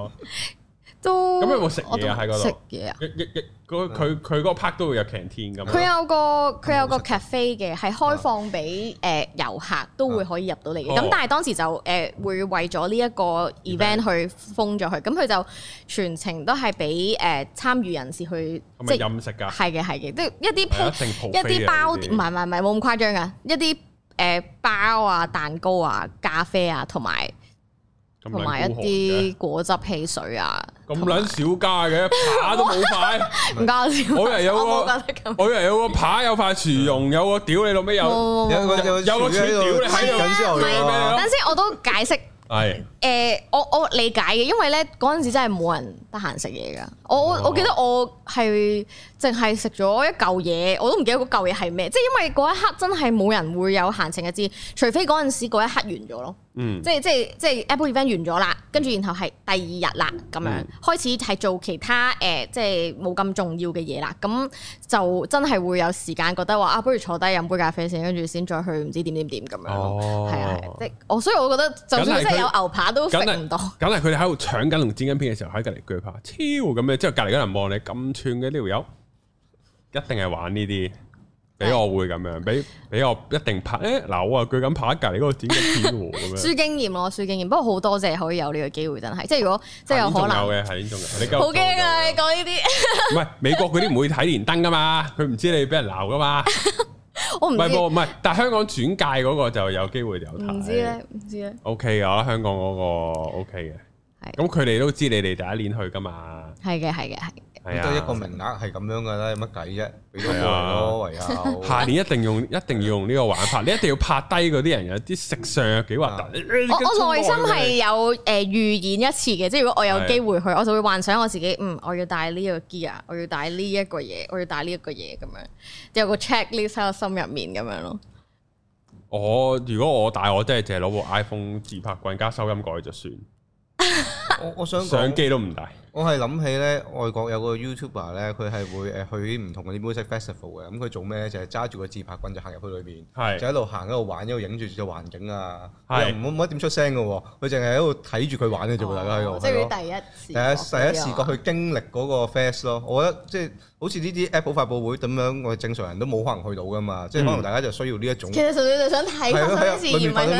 都咁有冇食嘢啊？喺度食嘢啊？佢佢嗰個 park 都會有 canteen 咁。佢有個佢有個 cafe 嘅，係開放俾誒、啊呃、遊客都會可以入到嚟嘅。咁、啊、但係當時就誒、呃、會為咗呢一個 event 去封咗佢。咁佢、啊、就全程都係俾誒參與人士去即係飲食㗎。係嘅，係嘅，即都一啲的一啲些、啊、包，唔係唔係唔係冇咁誇張嘅，一啲誒包啊、蛋糕啊、咖啡啊同埋。同埋一啲果汁汽水啊，咁撚少加嘅，扒都冇擺。唔搞笑，我又有個，我又有個扒，有塊薯蓉，有個屌你老咩有，有個有個薯屌你喺度，唔係，等先，我都解釋。係，誒，我我理解嘅，因為咧嗰陣時真係冇人得閒食嘢噶，我我記得我係。淨係食咗一嚿嘢，我都唔記得嗰嚿嘢係咩，即係因為嗰一刻真係冇人會有閒情逸致，除非嗰陣時嗰一刻完咗咯，嗯即，即係即係即係 Apple event 完咗啦，跟住然後係第二日啦咁樣，嗯、開始係做其他誒、呃，即係冇咁重要嘅嘢啦，咁就真係會有時間覺得話啊，不如坐低飲杯咖啡先，跟住先再去唔知點點點咁樣，哦，係啊，係啊，即係我所以我覺得就算真係有牛扒都食唔到，梗係佢哋喺度搶緊同剪緊片嘅時候喺隔籬鋸扒，超咁樣，即係隔籬嗰人望你咁串嘅呢條友。這個人家人家一定係玩呢啲，俾我會咁樣，俾俾我一定拍。誒、欸，嗱，我啊佢緊拍一計，你嗰個剪嘅片，輸 經驗咯，輸經驗。不過好多謝可以有呢個機會，真係。即係如果即係有可能。嘅係呢種你夠好驚啊！你講呢啲，唔係 說這 美國嗰啲唔會睇連登噶嘛，佢唔知你俾人鬧噶嘛。 我唔係，唔係，但係香港轉界嗰個就有機會有睇。唔知咧，唔知咧。O K 啊，香港嗰、那個 O K 嘅，係、OK。咁佢哋都知你哋第一年去噶嘛？係嘅的，係嘅，係。的俾多、啊、一個名額係咁樣噶啦，啊、有乜計啫？俾咗位咯，啊、唯有 下年一定用，一定要用呢個玩法。 你一定要拍低嗰啲人，有啲食相又幾核突。我我內心係有誒預、呃、演一次嘅，即係如果我有機會去，我就會幻想我自己，嗯，我要帶呢個 gear，我要帶呢一個嘢，我要帶呢一個嘢咁樣，有個 checklist 喺我心入面咁樣咯。我如果我帶，我都係淨係攞部 iPhone 自拍棍加收音改就算。我我想相機都唔大，我係諗起咧外國有個 YouTuber 咧，佢係會誒去唔同嗰啲 music festival 嘅，咁佢做咩咧？就係揸住個自拍棍就行入去裏邊，就喺度行喺度玩，喺度影住啲環境啊，又唔冇冇乜點出聲嘅，佢淨係喺度睇住佢玩嘅啫，大家即係佢第一次，第第一視角去經歷嗰個 festival，我覺得即係好似呢啲 Apple 發布會咁樣，我哋正常人都冇可能去到噶嘛，即係可能大家就需要呢一種，其實純粹就想睇個新鮮，唔係真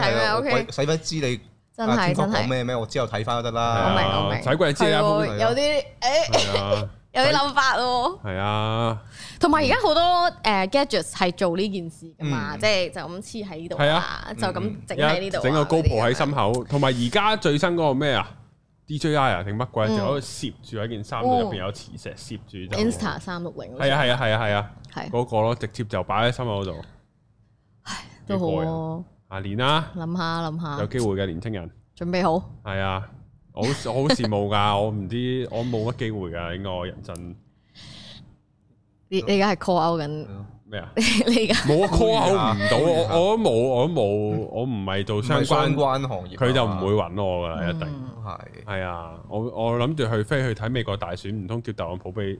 係，使乜知你？真係真係，咩咩，我之後睇翻得啦。我明我明，睇過就知啦。有啲誒，有啲諗法咯。係啊，同埋而家好多誒 gadgets 係做呢件事噶嘛，即係就咁黐喺度啊，就咁整喺呢度。整個 GoPro 喺心口，同埋而家最新嗰個咩啊？DJI 啊定乜鬼？就嗰度攝住喺件衫度入邊有磁石攝住就。Insta 360。係啊係啊係啊係啊，係嗰個咯，直接就擺喺心口度。唉，都好。阿練啦，諗下諗下，有機會嘅年青人，準備好。係啊，我我好羨慕噶，我唔知我冇乜機會嘅，應該我認真。你你而家係 call out 緊咩啊？你而家冇啊 call out 唔到，我我都冇，我都冇，我唔係做相關行業，佢就唔會搵我噶，一定係。係啊，我我諗住去飛去睇美國大選，唔通叫特朗普俾。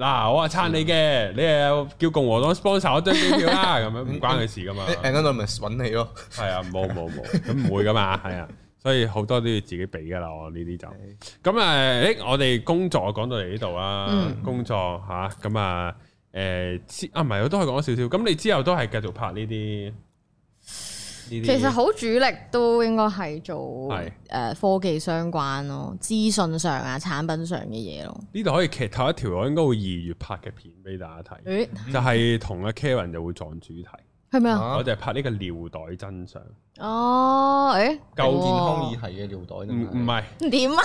嗱，我話撐你嘅，你誒叫共和黨幫手攞張機票啦，咁 樣唔關佢事噶嘛。你 n o 揾你咯，係啊，冇冇冇，咁唔會噶嘛，係啊，所以好多都要自己俾噶啦，我呢啲就，咁誒的，誒、欸，我哋工作講到嚟呢度啊，嗯、工作吓，咁啊，誒，啊，唔係、欸啊，我都係講少少，咁你之後都係繼續拍呢啲？其實好主力都應該係做誒科技相關咯，資訊上啊產品上嘅嘢咯。呢度可以劇透一條我應該會二月拍嘅片俾大家睇，就係同阿 Karen 就會撞主題。係咪啊？我哋拍呢個尿袋真相。哦，誒，舊健康耳系嘅尿袋。唔唔係。點啊？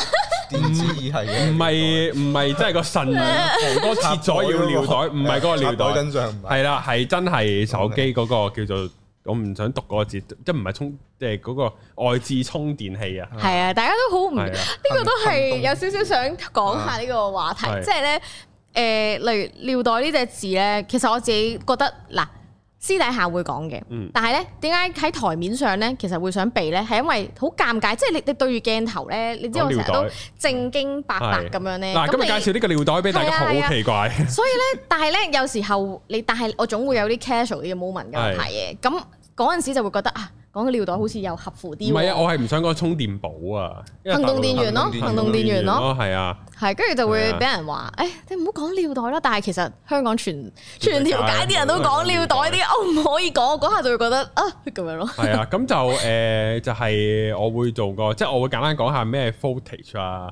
電子耳系嘅，唔係唔係，真係個腎好多切咗要尿袋，唔係嗰個尿袋真相。係啦，係真係手機嗰個叫做。我唔想讀嗰個字，即係唔係充，即係嗰個外置充電器啊！係啊，大家都好唔呢個都係有少少想講下呢個話題，即係咧誒，例如尿袋呢隻字咧，其實我自己覺得嗱私底下會講嘅，但係咧點解喺台面上咧，其實會想避咧，係因為好尷尬，即係你你對住鏡頭咧，你知我成日都正經白白咁樣咧。嗱，今日介紹呢個尿袋俾大家好奇怪，所以咧，但係咧有時候你，但係我總會有啲 casual 嘅 moment 咁樣嘅，咁。嗰陣時就會覺得啊，講個尿袋好似又合乎啲。唔係啊，我係唔想講充電寶啊，行動電源咯，行動電源咯，係啊，係跟住就會俾人話，誒、哎，你唔好講尿袋啦。但係其實香港全全，世全條街啲人都講尿袋啲，我唔、哦、可以講。講下就會覺得啊，咁樣咯。係 啊，咁就誒、呃，就係、是、我會做個，即係我會簡單講下咩 voltage 啊，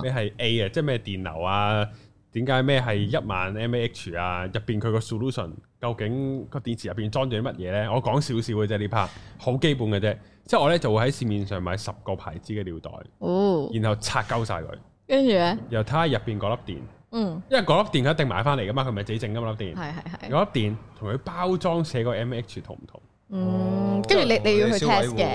咩係 A 啊，即係咩電流啊，點解咩係一萬 mAh 啊，入邊佢個 solution。究竟個電池入邊裝住啲乜嘢咧？我講少少嘅啫，呢 part 好基本嘅啫。即係我咧就會喺市面上買十個牌子嘅尿袋，哦，然後拆鳩晒佢，跟住咧，然後睇下入邊嗰粒電，嗯，因為嗰粒電一定買翻嚟噶嘛，佢咪係自己整噶嘛粒電，係係係。嗰粒電同佢包裝寫個 MH 同唔同，嗯，跟住你你要去 test 嘅，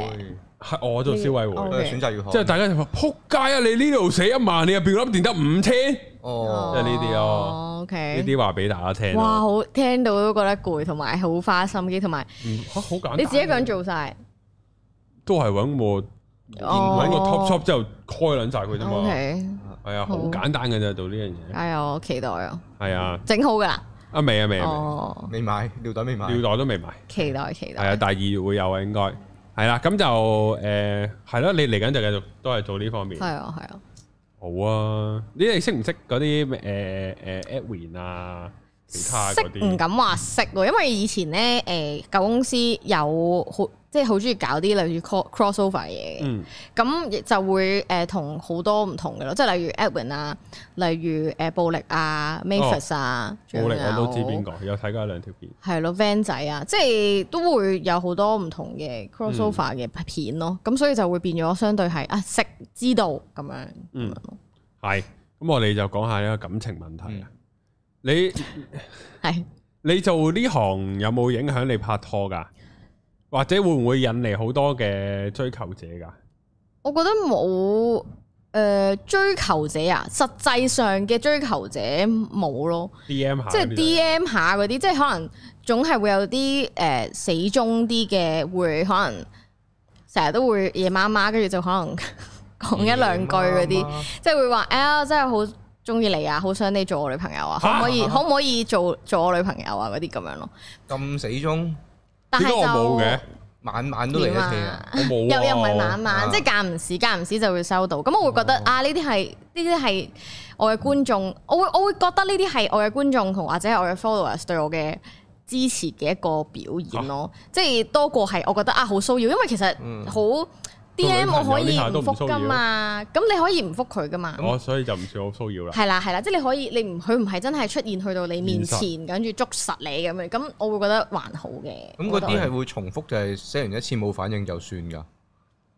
係我做消委會，我哋選擇要，即係大家就話：撲街啊！你呢度寫一萬，你入邊粒電得五千，哦，即係呢啲咯。呢啲話俾大家聽，哇，好聽到都覺得攰，同埋好花心機，同埋好簡單，你自己一個人做晒，都係搵個搵個 top top 之後開兩晒佢啫嘛。係啊，好簡單嘅啫，做呢樣嘢。係啊，我期待啊。係啊，整好噶啦。啊，未啊，未啊，未買尿袋，未買尿袋都未買。期待，期待。係啊，第二月會有啊，應該係啦。咁就誒係咯，你嚟緊就繼續都係做呢方面。係啊，係啊。好啊！你哋識唔識嗰啲咩？誒、呃、誒，Edwin、呃、啊，其他唔敢話識喎，因為以前咧誒，舊、呃、公司有好。即係好中意搞啲例如 crossover 嘢嘅，咁亦、嗯、就會誒同好多唔同嘅咯，即係例如 Edwin 啊，例如誒布力啊，Mavis 啊，is, 哦、暴力我嚟講都知邊個，好有睇過兩條片，係咯，Van 仔啊，即係都會有好多唔同嘅 crossover 嘅片咯，咁、嗯、所以就會變咗相對係啊食之道咁樣。嗯，係，咁我哋就講下一個感情問題啊。嗯、你係 你做呢行有冇影響你拍拖噶？或者會唔會引嚟好多嘅追求者㗎？我覺得冇誒、呃，追求者啊，實際上嘅追求者冇咯。DM D M 即係 D M 下嗰啲，即係、就是、可能總係會有啲誒、呃、死忠啲嘅，會可能成日都會夜媽媽，跟住就可能講 一兩句嗰啲，即係會話啊，哎、真係好中意你啊，好想你做我女朋友啊，哈可唔可以？哈可唔可以做做我女朋友啊？嗰啲咁樣咯，咁死忠。但係我冇嘅，晚晚都嚟一次，我冇、啊，又又唔係晚晚，啊、即係間唔時，間唔時就會收到。咁、啊、我會覺得啊，呢啲係呢啲係我嘅觀眾，我會我會覺得呢啲係我嘅觀眾同或者我嘅 followers 對我嘅支持嘅一個表現咯，啊、即係多過係我覺得啊好騷擾，因為其實好。嗯 D M 我可以唔覆㗎嘛？咁你可以唔覆佢㗎嘛？我、哦、所以就唔算好騷擾啦。係啦，係啦，即、就、係、是、你可以，你唔佢唔係真係出現去到你面前，實跟住捉實你咁樣，咁我會覺得還好嘅。咁嗰啲係會重複，就係、是、寫完一次冇反應就算㗎。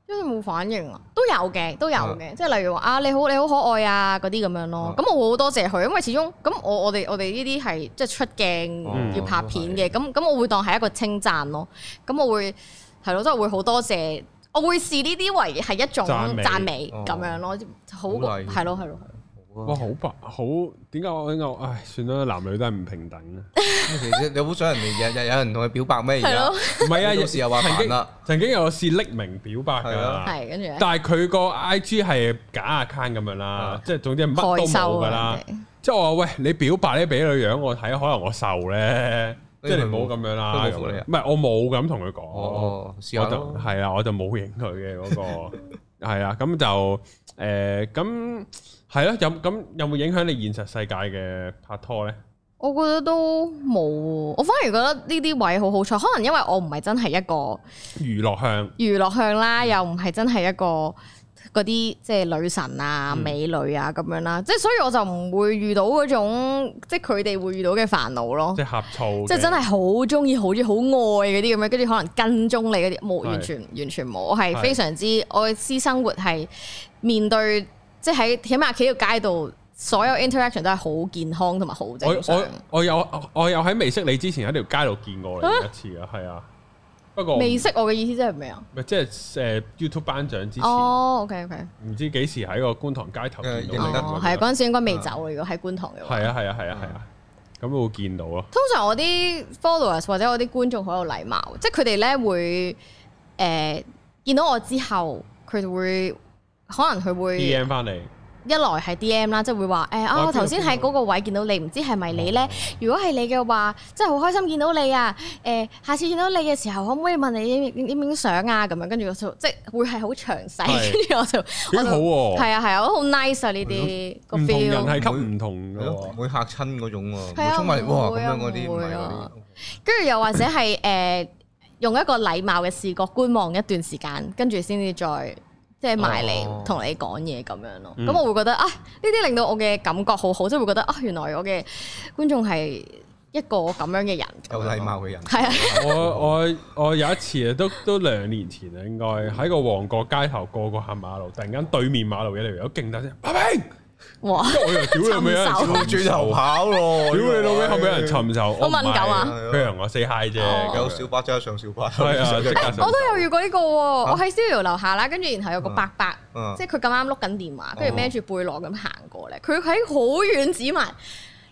因為冇反應啊，都有嘅，都有嘅。啊、即係例如話啊，你好，你好可愛啊，嗰啲咁樣咯。咁、啊、我好多謝佢，因為始終咁我我哋我哋呢啲係即係出鏡要拍片嘅。咁咁、嗯啊、我會當係一個稱讚咯。咁我會係咯，真係會好多謝。我會視呢啲為係一種讚美咁樣咯，好係咯，係咯，係。哇，好白好，點解我點解唉算啦，男女都係唔平等啊！你好想人哋日日有人同佢表白咩而家？唔係啊，有時又話煩啦。曾經有試匿名表白㗎，係跟住。但係佢個 I G 係假 account 咁樣啦，即係總之乜都冇㗎啦。即係我話喂，你表白咧，俾女樣我睇，可能我受咧。即係你唔好咁樣啦、啊，唔係、啊、我冇咁同佢講，我就係啦、那個，我、 啊、就冇影佢嘅嗰個係啦，咁就誒咁係咯，有咁有冇影響你現實世界嘅拍拖咧？我覺得都冇，我反而覺得呢啲位好好彩，可能因為我唔係真係一個娛樂向，娛樂 向啦，又唔係真係一個。嗰啲即係女神啊、美女啊咁、嗯、樣啦，即係所以我就唔會遇到嗰種即係佢哋會遇到嘅煩惱咯。即係呷醋，即係真係好中意、好中意好愛嗰啲咁樣，跟住可能跟蹤你嗰啲冇，完全是完全冇。我係非常之，是我私生活係面對即係喺起碼企喺條街度，所有 interaction 都係好健康同埋好正常。我有我有喺未識你之前喺條街度見過你一次嘅，係啊。不過未識我嘅意思即係咩啊？唔係即係誒 YouTube 頒獎之前哦、oh，OK OK。唔知幾時喺個觀塘街頭見到你？係嗰陣時應該未走，啊、如果喺觀塘嘅話。係啊係啊係啊係啊，咁、啊啊啊啊、會見到咯。通常我啲 followers 或者我啲觀眾好有禮貌，即係佢哋咧會誒、呃、見到我之後，佢就會可能佢會 DM 翻嚟。一來係 D.M. 啦，即係會話誒啊！我頭先喺嗰個位見到你，唔知係咪你咧？如果係你嘅話，真係好開心見到你啊！誒、呃，下次見到你嘅時候，可唔可以問你影影相啊？咁樣跟住我就即係會係好詳細。跟住對我就幾好喎。係啊係啊，我好 nice 啊呢啲。個 feel 同人係咁唔同嘅喎，會嚇親嗰種喎。咁樣啲跟住又或者係誒 用一個禮貌嘅視覺觀望一段時間，跟住先至再。即係埋嚟同你講嘢咁樣咯，咁、哦、我會覺得、嗯、啊，呢啲令到我嘅感覺好好，即係會覺得啊，原來我嘅觀眾係一個咁樣嘅人，人，有禮貌嘅人。係是啊 我，我我我有一次啊，都都兩年前啊，應該喺個旺角街頭過個下馬路，突然間對面馬路嘅嚟有勁大聲，阿兵。哇！我又屌你老尾啊！轉頭跑咯！屌你老尾，後邊有人尋仇，我問狗啊！邊人話四嗨啫，有小巴即刻上小巴。我都有遇過呢個喎。我喺逍遙樓下啦，跟住然後有個伯伯，即係佢咁啱碌緊電話，跟住孭住背囊咁行過嚟。佢喺好遠指埋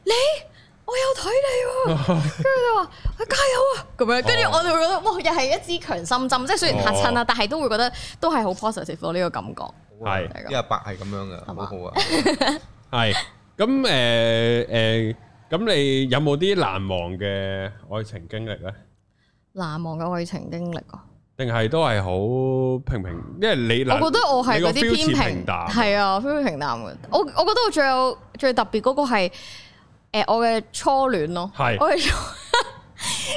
你，我有睇你喎。跟住佢話加油啊！咁樣跟住我就會覺得哇，又係一支強心針。即係雖然嚇親啦，但係都會覺得都係好 positive 咯，呢個感覺。係因為八係咁樣嘅，好好啊！係咁誒，誒，咁你有冇啲難忘嘅愛情經歷咧？難忘嘅愛情經歷啊？定係都係好平平？因為你，我覺得我係嗰啲偏平淡，係啊，非常平淡嘅。我我覺得我最有最特別嗰個係誒，我嘅初戀咯。係我嘅。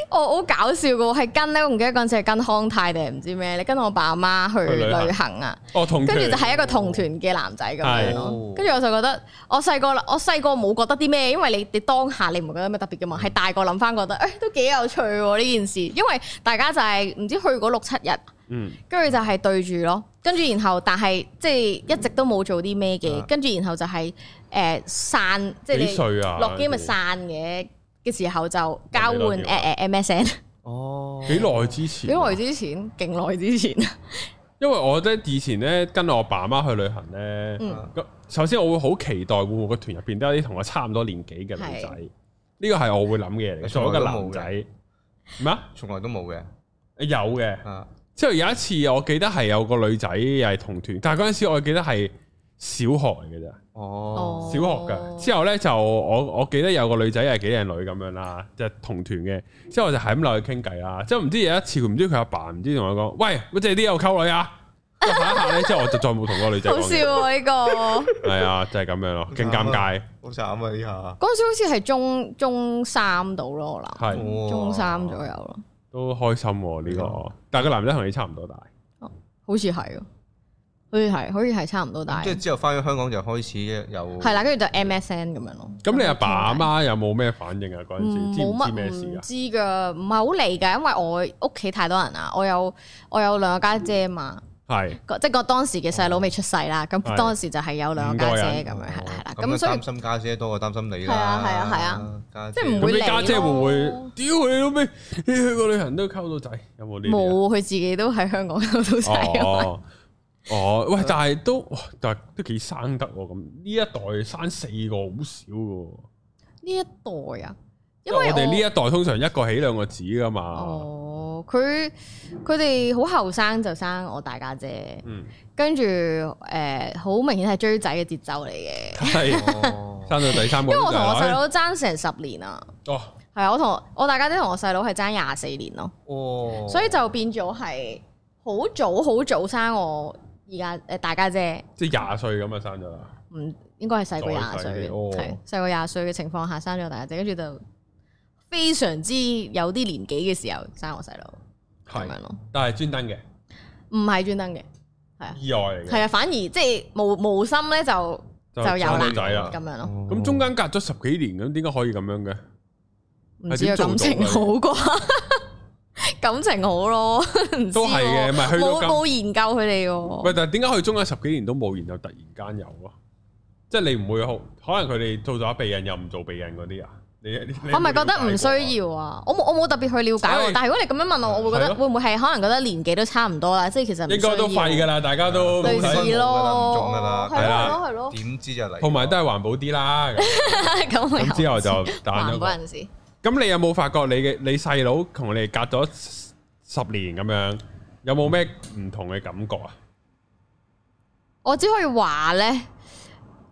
我、哦、好搞笑噶，係跟咧，我唔記得嗰陣時係跟康泰定係唔知咩你跟我爸阿媽去旅行啊。行哦，跟住就係一個同團嘅男仔咁樣咯。跟住、哦、我就覺得，我細個，我細個冇覺得啲咩，因為你你當下你唔係覺得咩特別噶嘛。係、嗯、大個諗翻覺得，誒、欸，都幾有趣呢件事，因為大家就係、是、唔知去嗰六七日，跟住就係對住咯，跟住然後，然後但係即係一直都冇做啲咩嘅，跟住、嗯、然後就係、是、誒、呃、散，即係你落機咪散嘅。嘅時候就交換誒誒 MSN。哦，幾耐之前？幾耐之前，勁耐之前。前 因為我咧以前咧跟我爸媽去旅行咧，咁、嗯、首先我會好期待會唔會個團入邊都有啲同我差唔多年紀嘅女仔。呢個係我會諗嘅嘢嚟，是一個男仔咩啊？從來都冇嘅，麼有嘅。之後有，的、啊、有一次我記得係有個女仔又係同團，但係嗰陣時我記得係。小學嚟嘅咋？哦，小學噶。之後咧就我我記得有個女仔係幾靚女咁樣啦，即係同團嘅。之後我就係咁落去傾偈啦。之後唔知有一次佢唔知佢阿爸唔知同我講，喂，乜即啲有溝女啊？即係下下咧，之後我就再冇同個女仔。好笑啊呢個！係啊，就係咁樣咯，勁尷尬，好慘啊呢下。嗰時好似係中中三到咯啦，係中三左右咯。都開心呢個，但係個男仔同你差唔多大。哦，好似係。好似係，好似係差唔多大，但係即係之後翻咗香港就開始有係啦，跟住就 MSN 咁樣咯。咁你阿爸阿媽有冇咩反應啊？嗰陣時知唔知咩事啊？唔知噶，唔係好理噶，因為我屋企太多人啦，我有我有兩個家姐嘛，係即係當時嘅細佬未出世啦，咁當時就係有兩個家姐咁樣，係啦係啦。咁所以擔心家姐多過擔心你。係啊係啊係啊，即係唔會你。家姐會會屌你咩？去個旅行都溝到仔，有冇啲？冇，佢自己都喺香港溝到仔。哦，喂，但係都，但係都幾生得喎，噉，呢一代生四個好少噶，呢一代啊，因為我哋呢一代通常一個起兩個子噶嘛。哦，佢佢哋好後生就生我大家姐，嗯，跟住誒，好明顯係追仔嘅節奏嚟嘅，係生到第三個，哦， 因為我同我細佬爭成十年啊，哦，係啊，我同我大家姐同我細佬係爭廿四年咯，哦，所以就變咗係好早好早生我。而家誒大家姐，即係廿歲咁就生咗啦。唔應該係細過廿歲，係細過廿歲嘅情況下生咗大家姐，跟住就非常之有啲年紀嘅時候生我細佬係咁樣咯。但係專登嘅，唔係專登嘅，係啊，意外嚟嘅。係啊，反而即係無無心咧就就有啦咁樣咯。咁中間隔咗十幾年，咁點解可以咁樣嘅？唔知感情好啩。感情好咯，都係嘅，唔係去到冇研究佢哋喎。喂，但係點解去中間十幾年都冇，然後突然間有啊？即係你唔會好可能佢哋做咗避孕又唔做避孕嗰啲啊？你你我咪覺得唔需要啊！我冇我冇特別去了解。但係如果你咁樣問我，我會覺得會唔會係可能覺得年紀都差唔多啦？即係其實應該都廢噶啦，大家都類似咯，冧咗噶啦，係啦，係咯，點知就嚟，同埋都係環保啲啦。咁之後就環保人士。咁你有冇發覺你嘅、你細佬同你隔咗十年咁樣，有冇咩唔同嘅感覺啊？我只可以話咧，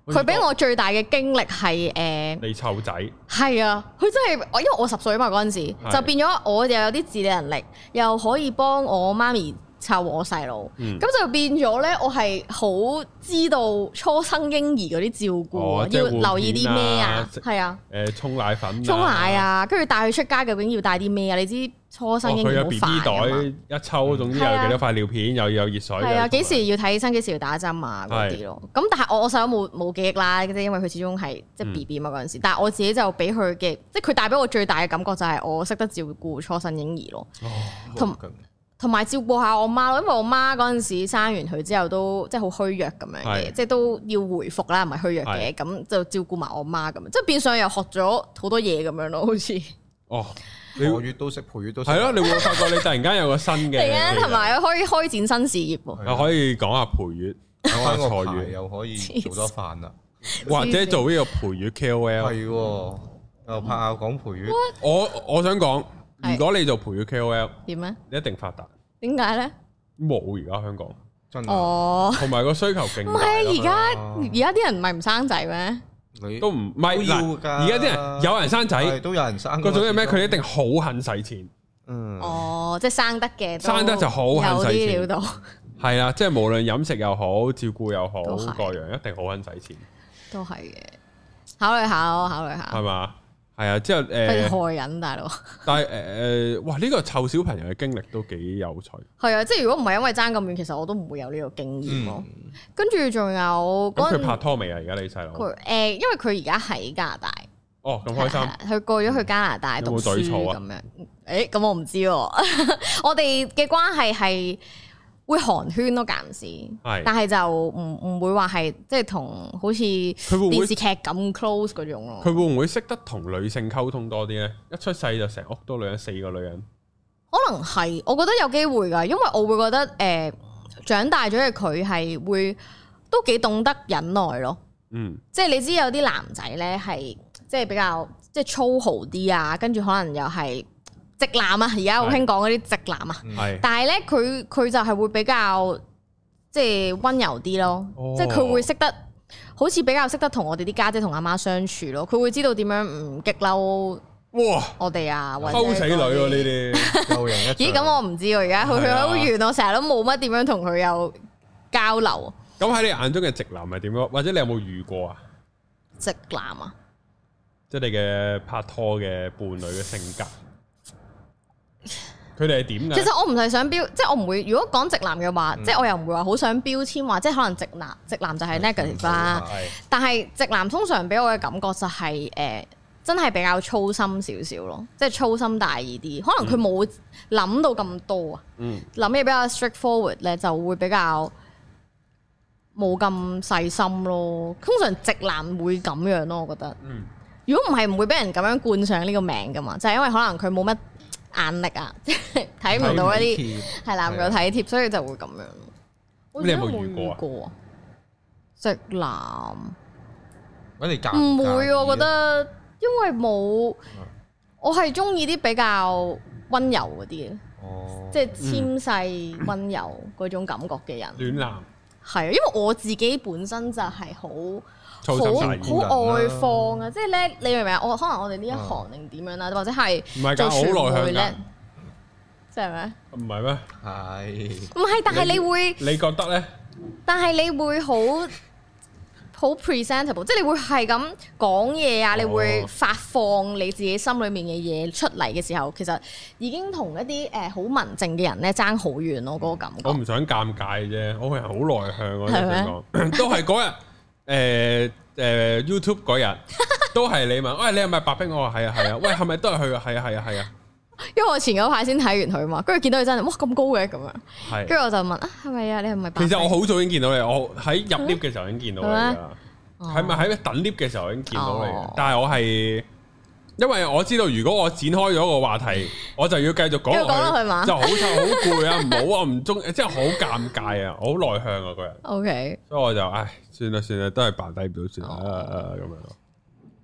佢俾我最大嘅經歷係誒，呃，你湊仔。係啊，佢真係我因為我十歲啊，嘛嗰陣時就變咗我又有啲自理能力，又可以幫我媽咪。湊我細路，咁就變咗咧。我係好知道初生嬰兒嗰啲照顧，要留意啲咩啊？係啊，誒，沖奶粉，沖奶啊，跟住帶佢出街究竟要帶啲咩啊？你知初生嬰兒，佢個 B B 袋一抽，總之有幾多塊尿片，又有熱水，係啊，幾時要睇醫生，幾時要打針啊？嗰啲咯。咁但係我我細佬冇冇記憶啦，即因為佢始終係即係 B B 嘛嗰陣時。但係我自己就俾佢嘅，即係佢帶俾我最大嘅感覺就係我識得照顧初生嬰兒咯，同。同埋照顧下我媽咯，因為我媽嗰陣時生完佢之後都即係好虛弱咁樣嘅，是的 即係都要回復啦，唔係虛弱嘅，咁是的 就照顧埋我媽咁，即係變相又學咗好多嘢咁樣咯，好似哦，你陪月都識陪月都係咯，你會發覺你突然間有個新嘅，同埋 可以開展新事業喎，又可以講下陪月，講下陪月又可以做多飯啊，或者做呢個陪月 KOL 係喎，又、哦、拍下講陪月 What?，我我想講。如果你就陪佢 KOL，點咧？你一定發達。點解咧？冇而家香港真係哦，同埋個需求勁。唔係而家而家啲人唔係唔生仔咩？都唔係㗎，而家啲人有人生仔，都有人生。嗰種係咩？佢一定好肯使錢。嗯，哦，即係生得嘅，生得就好肯使錢。係啊，即係無論飲食又好，照顧又好各樣，一定好肯使錢。都係嘅，考慮下，考慮下，係嘛？係啊，之後誒害人大佬， 但係誒誒，哇呢、這個湊小朋友嘅經歷都幾有趣。係啊，即係如果唔係因為爭咁遠，其實我都唔會有呢個經驗咯。嗯、跟住仲有，有，佢拍拖未啊？而家你細佬？誒、呃，因為佢而家喺加拿大。哦，咁開心。佢、啊啊、過咗去加拿大讀書咁、嗯啊、樣。誒、欸，咁我唔知喎、啊。 我哋嘅關係係。會寒暄咯，暫時係，但係就唔唔會話係即係同好似電視劇咁 close 嗰種咯。佢會唔會識得同女性溝通多啲咧？一出世就成屋多女人，四個女人，可能係，我覺得有機會噶，因為我會覺得誒、呃，長大咗嘅佢係會都幾懂得忍耐咯。嗯，即係你知有啲男仔咧係即係比較即係、就是、粗豪啲啊，跟住可能又係。直男啊，而家好興講嗰啲直男啊，是但係咧佢佢就係會比較即係溫柔啲咯，哦、即係佢會識得好似比較識得同我哋啲家姐同阿媽相處咯，佢會知道點樣唔激嬲我哋啊，溝哇死女咯呢啲，人 咦咁我唔知喎、啊，而家佢佢去好遠，啊、我成日都冇乜點樣同佢有交流、啊。咁喺你眼中嘅直男係點樣？或者你有冇遇過啊？直男啊，即係你嘅拍拖嘅伴侶嘅性格。 佢哋係點？其實我唔係想標，即係我唔會。如果講直男嘅話，嗯、話，即係我又唔會話好想標籤話，即係可能直男，直男就係 negative 啦。嗯嗯、但係直男通常俾我嘅感覺就係、是、誒、呃，真係比較粗心少少咯，即係粗心大意啲。可能佢冇諗到咁多啊，諗嘢、嗯、比較 straightforward 咧，就會比較冇咁細心咯。通常直男會咁樣咯，我覺得。嗯、如果唔係唔會俾人咁樣冠上呢個名噶嘛，就係、是、因為可能佢冇乜。眼力啊，即係睇唔到一啲，係男嘅體貼，啊、所以就會咁樣。嗯、你會唔會遇過啊？直男，唔會、啊，離我覺得因為冇，我係中意啲比較温柔嗰啲嘅，即係纖細温柔嗰種感覺嘅人。暖男係啊，因為我自己本身就係好。好好外放啊！即係咧，你明唔明啊？我可能我哋呢一行定點樣啊，或者係就好內向咧，即係咩？唔係咩？係唔係？但係你會你，你覺得咧？但係你會好好 presentable， 即係你會係咁講嘢啊！你會發放你自己心裏面嘅嘢出嚟嘅時候，oh. 其實已經同一啲誒好文靜嘅人咧爭好遠咯。嗰、嗰個感覺我唔想尷尬啫，我係好內向，啊。我同你講， 都係嗰日。誒誒、欸欸，YouTube 嗰日都係你問， 喂，你係咪白兵？我話係啊係啊，喂，係咪都係去啊？係啊係啊係啊，啊啊啊因為我前嗰排先睇完佢嘛，跟住見到佢真係，哇咁高嘅咁樣，係是，跟住我就問啊係咪啊？是是你係咪？白兵，其實我好早已經見到你，我喺入 lift 嘅時候已經見到你啦，係咪喺等 lift 嘅時候已經見到你？但係我係。因為我知道如果我展開咗個話題， 我就要繼續講落去嘛，就好臭好攰啊！唔好， 我唔中，即係好尷尬啊！我好內向啊，個人。O Okay . K，所以我就唉，算啦算啦，都係扮底唔到算啦，咁、oh. 啊、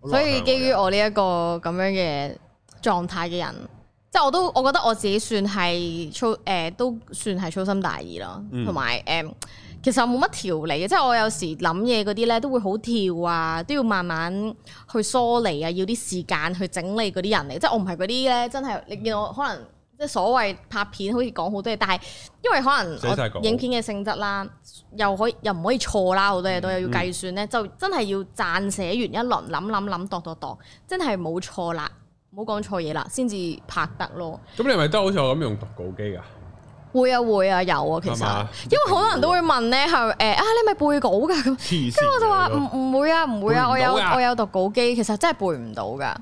樣。所以基於我呢、這、一個咁樣嘅狀態嘅人，即係我都我覺得我自己算係粗誒，都算係粗心大意咯，同埋誒。其實冇乜調理嘅，即係我有時諗嘢嗰啲咧，都會好跳啊，都要慢慢去梳理啊，要啲時間去整理嗰啲人嚟。即係我唔係嗰啲咧，真係你見我可能即係所謂拍片，好似講好多嘢，但係因為可能影片嘅性質啦，又可以又唔可以錯啦，好多嘢都又要計算咧，就真係要撰寫完一輪諗諗諗，度度度，真係冇錯啦，冇講錯嘢啦，先至拍得咯。咁你咪都好似我咁用讀稿機㗎？會啊會啊有啊其實，因為好多人都會問咧，係誒，啊你係咪背稿噶？咁，跟住我就話唔唔會啊唔會啊，我有我有讀稿機，其實真係背唔到噶，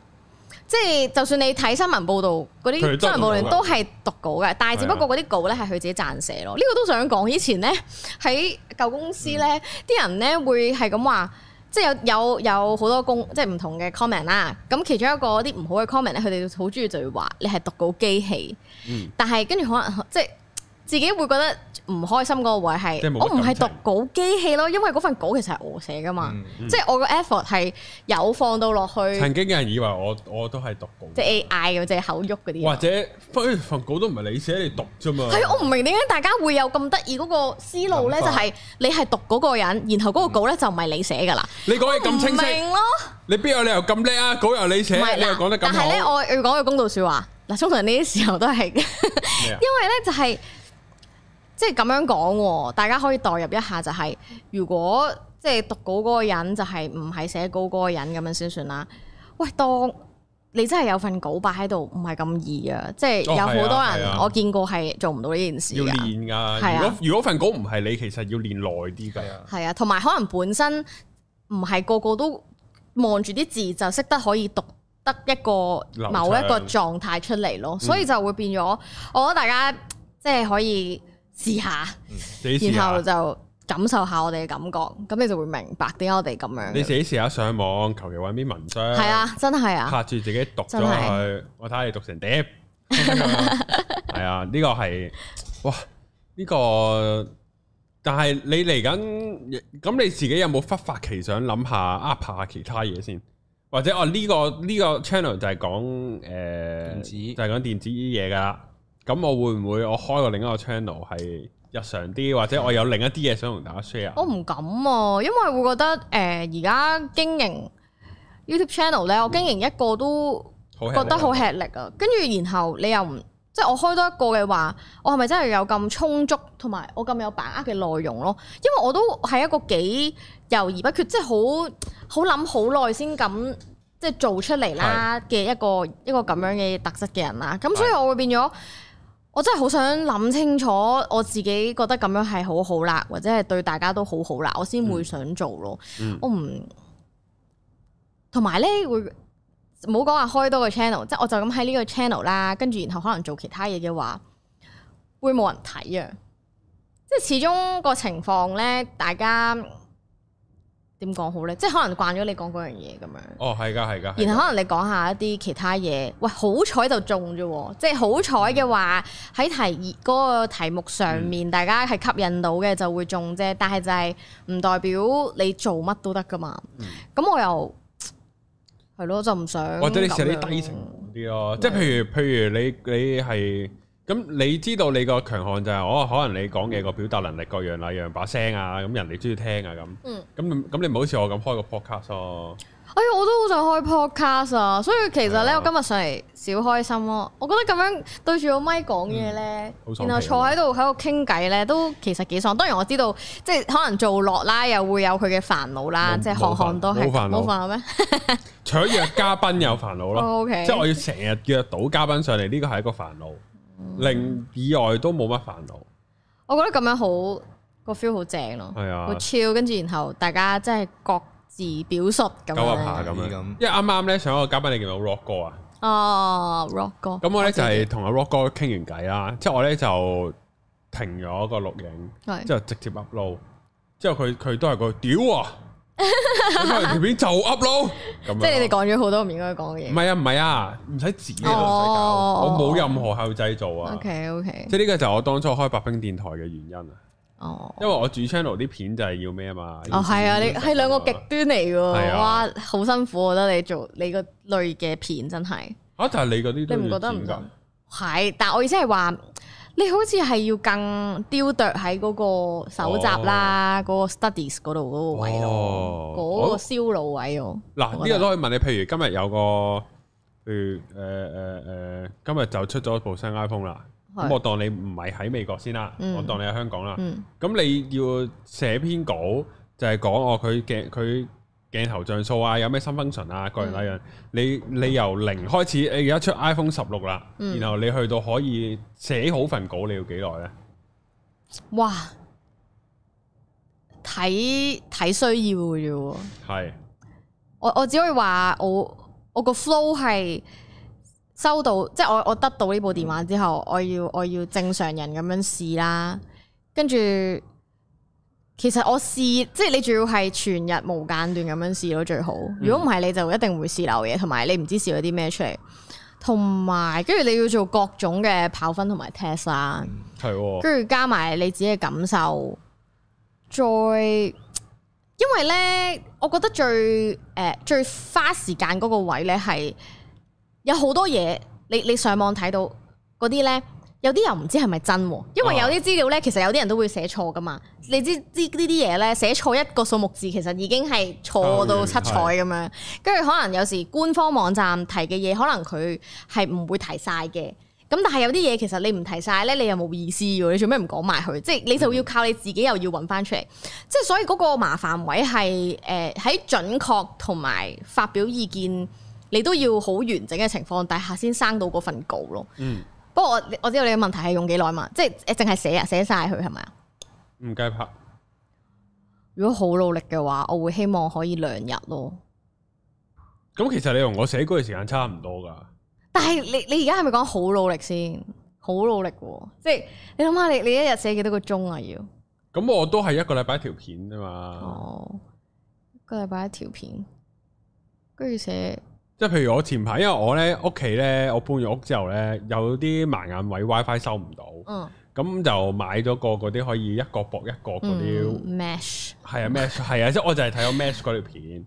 即係就算你睇新聞報道嗰啲，即係無論都係讀稿嘅，但係只不過嗰啲稿咧係佢自己撰寫咯。呢個都想講，以前咧喺舊公司咧，啲人咧會係咁話，即係有有有好多公即係唔同嘅 comment 啦。咁其中一個啲唔好嘅 comment 咧，佢哋好中意就話你係讀稿機器，但係跟住可能即係。自己會覺得唔開心嗰個位係，我唔係讀稿機器咯，因為嗰份稿其實係我寫噶嘛，即係我個 effort 係有放到落去。曾經有人以為我我都係讀稿，即係 AI 嗰隻口喐嗰啲。或者份稿都唔係你寫，你讀啫嘛。係，我唔明點解大家會有咁得意嗰個思路咧？就係你係讀嗰個人，然後嗰個稿咧就唔係你寫噶啦。你講嘢咁清晰，你邊有理由咁叻啊？稿又你寫，你又講得咁好。但係咧，我要講句公道説話，嗱，通常呢啲時候都係，因為咧就係。即係咁樣講，大家可以代入一下、就是，就係如果即係讀稿嗰個人,人，就係唔係寫稿嗰個人咁樣先算啦。喂，當你真係有份稿擺喺度，唔係咁易啊！哦、即係有好多人，我見過係做唔到呢件事要練噶。係啊，如果、啊、如果份稿唔係你，其實要練耐啲噶。係啊，同埋可能本身唔係個個都望住啲字就識得可以讀得一個某一個狀態出嚟咯，嗯、所以就會變咗。我覺得大家即係可以。試下，試試下然後就感受下我哋嘅感覺，咁你就會明白點解我哋咁樣。你自己試下上網，求其搵啲文章，係啊，真係啊，拍住自己讀咗去，我睇下你讀成碟，係 啊，呢、這個係，哇，呢、這個，但係你嚟緊，咁你自己有冇忽發奇想諗下 up 下其他嘢先？或者哦，呢、這個呢、這個 channel 就係講誒，電子，就係講電子呢啲嘢噶。咁我會唔會我開個另一個 channel 係日常啲，或者我有另一啲嘢想同大家 share？我唔敢、啊，因為會覺得誒而家經營 YouTube channel 咧，我經營一個都覺得好吃力啊。跟住然後你又唔即係我開多一個嘅話，我係咪真係有咁充足，同埋我咁有把握嘅內容咯？因為我都係一個幾猶豫不決，即係好好諗好耐先咁即係做出嚟啦嘅一個是一個咁樣嘅特質嘅人啦、啊。咁所以我會變咗。我真係好想諗清楚，我自己覺得咁樣係好好啦，或者係對大家都好好啦，我先會想做咯。嗯、我唔同埋呢會冇講話開多個 channel，即係我就咁喺呢個 channel 啦，跟住然後可能做其他嘢嘅話，會冇人睇啊！即係始終個情況呢，大家。點講好咧？即係可能慣咗你講嗰樣嘢咁樣。哦，係噶，係噶。然後可能你講下一啲其他嘢，喂，好彩就中啫。即係好彩嘅話，喺、嗯、題二嗰、嗰個題目上面，大家係吸引到嘅就會中啫。但係就係唔代表你做乜都得噶嘛。咁、嗯、我又係咯，就唔想。或者你試下啲低層啲咯，即係譬如譬如你你係。咁你知道你個強項就係，哦，可能你講嘢個表達能力各樣啦，樣把聲啊，咁人哋中意聽啊，咁，咁咁你唔好似我咁開個 podcast 咯。哎呀，我都好想開 podcast 啊，所以其實咧，我今日上嚟少開心咯。我覺得咁樣對住個麥講嘢咧，然後坐喺度喺度傾偈咧，都其實幾爽。當然我知道，即係可能做落啦，又會有佢嘅煩惱啦，即係行行都係冇煩惱咩？除咗約嘉賓有煩惱咯，即係我要成日約到嘉賓上嚟，呢個係一個煩惱。令以外都冇乜煩惱，我覺得咁樣好個 feel 好正咯、啊，好超跟住然後大家即係各自表述咁樣，樣，樣，因為啱啱咧上一個嘉賓你見到 Rock 哥啊？哦、啊、Rock 哥，咁我咧就係同阿 Rock 哥傾完偈啦，之後、嗯、我咧就停咗個錄影，的之後直接 upload，之後佢佢都係個屌啊！你條片就噏咯，即係你哋講咗好多唔應該講嘅嘢。唔係啊，唔係啊，唔使剪啊，我冇任何後製做啊。OK，OK，即係呢個就係我當初開白兵電台嘅原因啊。哦，因為我主 channel 啲片就係要咩啊嘛？哦，係啊，你係兩個極端嚟嘅，哇，好辛苦，我覺得你做你個類嘅片真係。吓，就係你嗰啲，你唔覺得唔係？但係我意思係話。你好似係要更雕琢喺嗰個搜集啦，嗰個 studies 嗰度嗰個位咯，嗰個銷路位哦。嗱，呢、哦、個都可以問你，譬如今日有個，譬如誒誒誒，今日就出咗部新 iPhone 啦。咁是我當你唔係喺美國先啦，嗯、我當你喺香港啦。咁、嗯、你要寫篇稿，就係、是、講我佢嘅佢。哦鏡頭像素啊，有咩新 function 啊，各樣各樣。嗯、你你由零開始，你而家出 iPhone 十六啦，嗯、然後你去到可以寫好份稿，你要幾耐咧？哇！睇睇需要嘅啫。係是。我我只可以話我我個 flow 係收到，即、就、係、是、我我得到呢部電話之後，嗯、我要我要正常人咁樣試啦，跟住。其實我試即係你，仲要係全日無間斷咁樣試咯，最好。如果唔係，你就一定會試漏嘢，同埋你唔知試咗啲咩出嚟。同埋跟住你要做各種嘅跑分同埋 test 啦，係跟住加埋你自己嘅感受。再因為呢，我覺得最誒、呃、最花時間嗰個位呢，係有好多嘢，你你上網睇到嗰啲呢。.有啲又唔知係咪真，因為有啲資料咧，其實有啲人都會寫錯噶嘛。你知呢呢啲嘢咧，寫錯一個數目字，其實已經係錯到七彩咁樣。跟住、嗯、可能有時官方網站提嘅嘢，可能佢係唔會提晒嘅。咁但係有啲嘢其實你唔提晒咧，你又冇意思嘅。你做咩唔講埋佢？即係你就要靠你自己，又要搵翻出嚟。即係、嗯、所以嗰個麻煩位係誒喺準確同埋發表意見，你都要好完整嘅情況底下，先生到嗰份稿咯。嗯。不過我知道你嘅問題係用幾耐嘛，即係誒淨係寫啊，寫晒佢係咪啊？唔計拍。如果好努力嘅話，我會希望可以兩日咯。咁其實你同我寫嗰段時間差唔多噶。但係你你而家係咪講好努力先？好努力嘅，即係你諗下，你你一日寫幾多個鐘啊？要咁我都係一個禮拜一條片啊嘛。哦，一個禮拜一條片。跟住寫。即係譬如我前排，因為我咧屋企咧，我搬完屋之後咧，有啲盲眼位 WiFi 收唔到。嗯。咁就買咗個嗰啲可以一個駁一個嗰啲 mesh。係啊、嗯、mesh 係啊，即係我就係睇咗 mesh 嗰條片，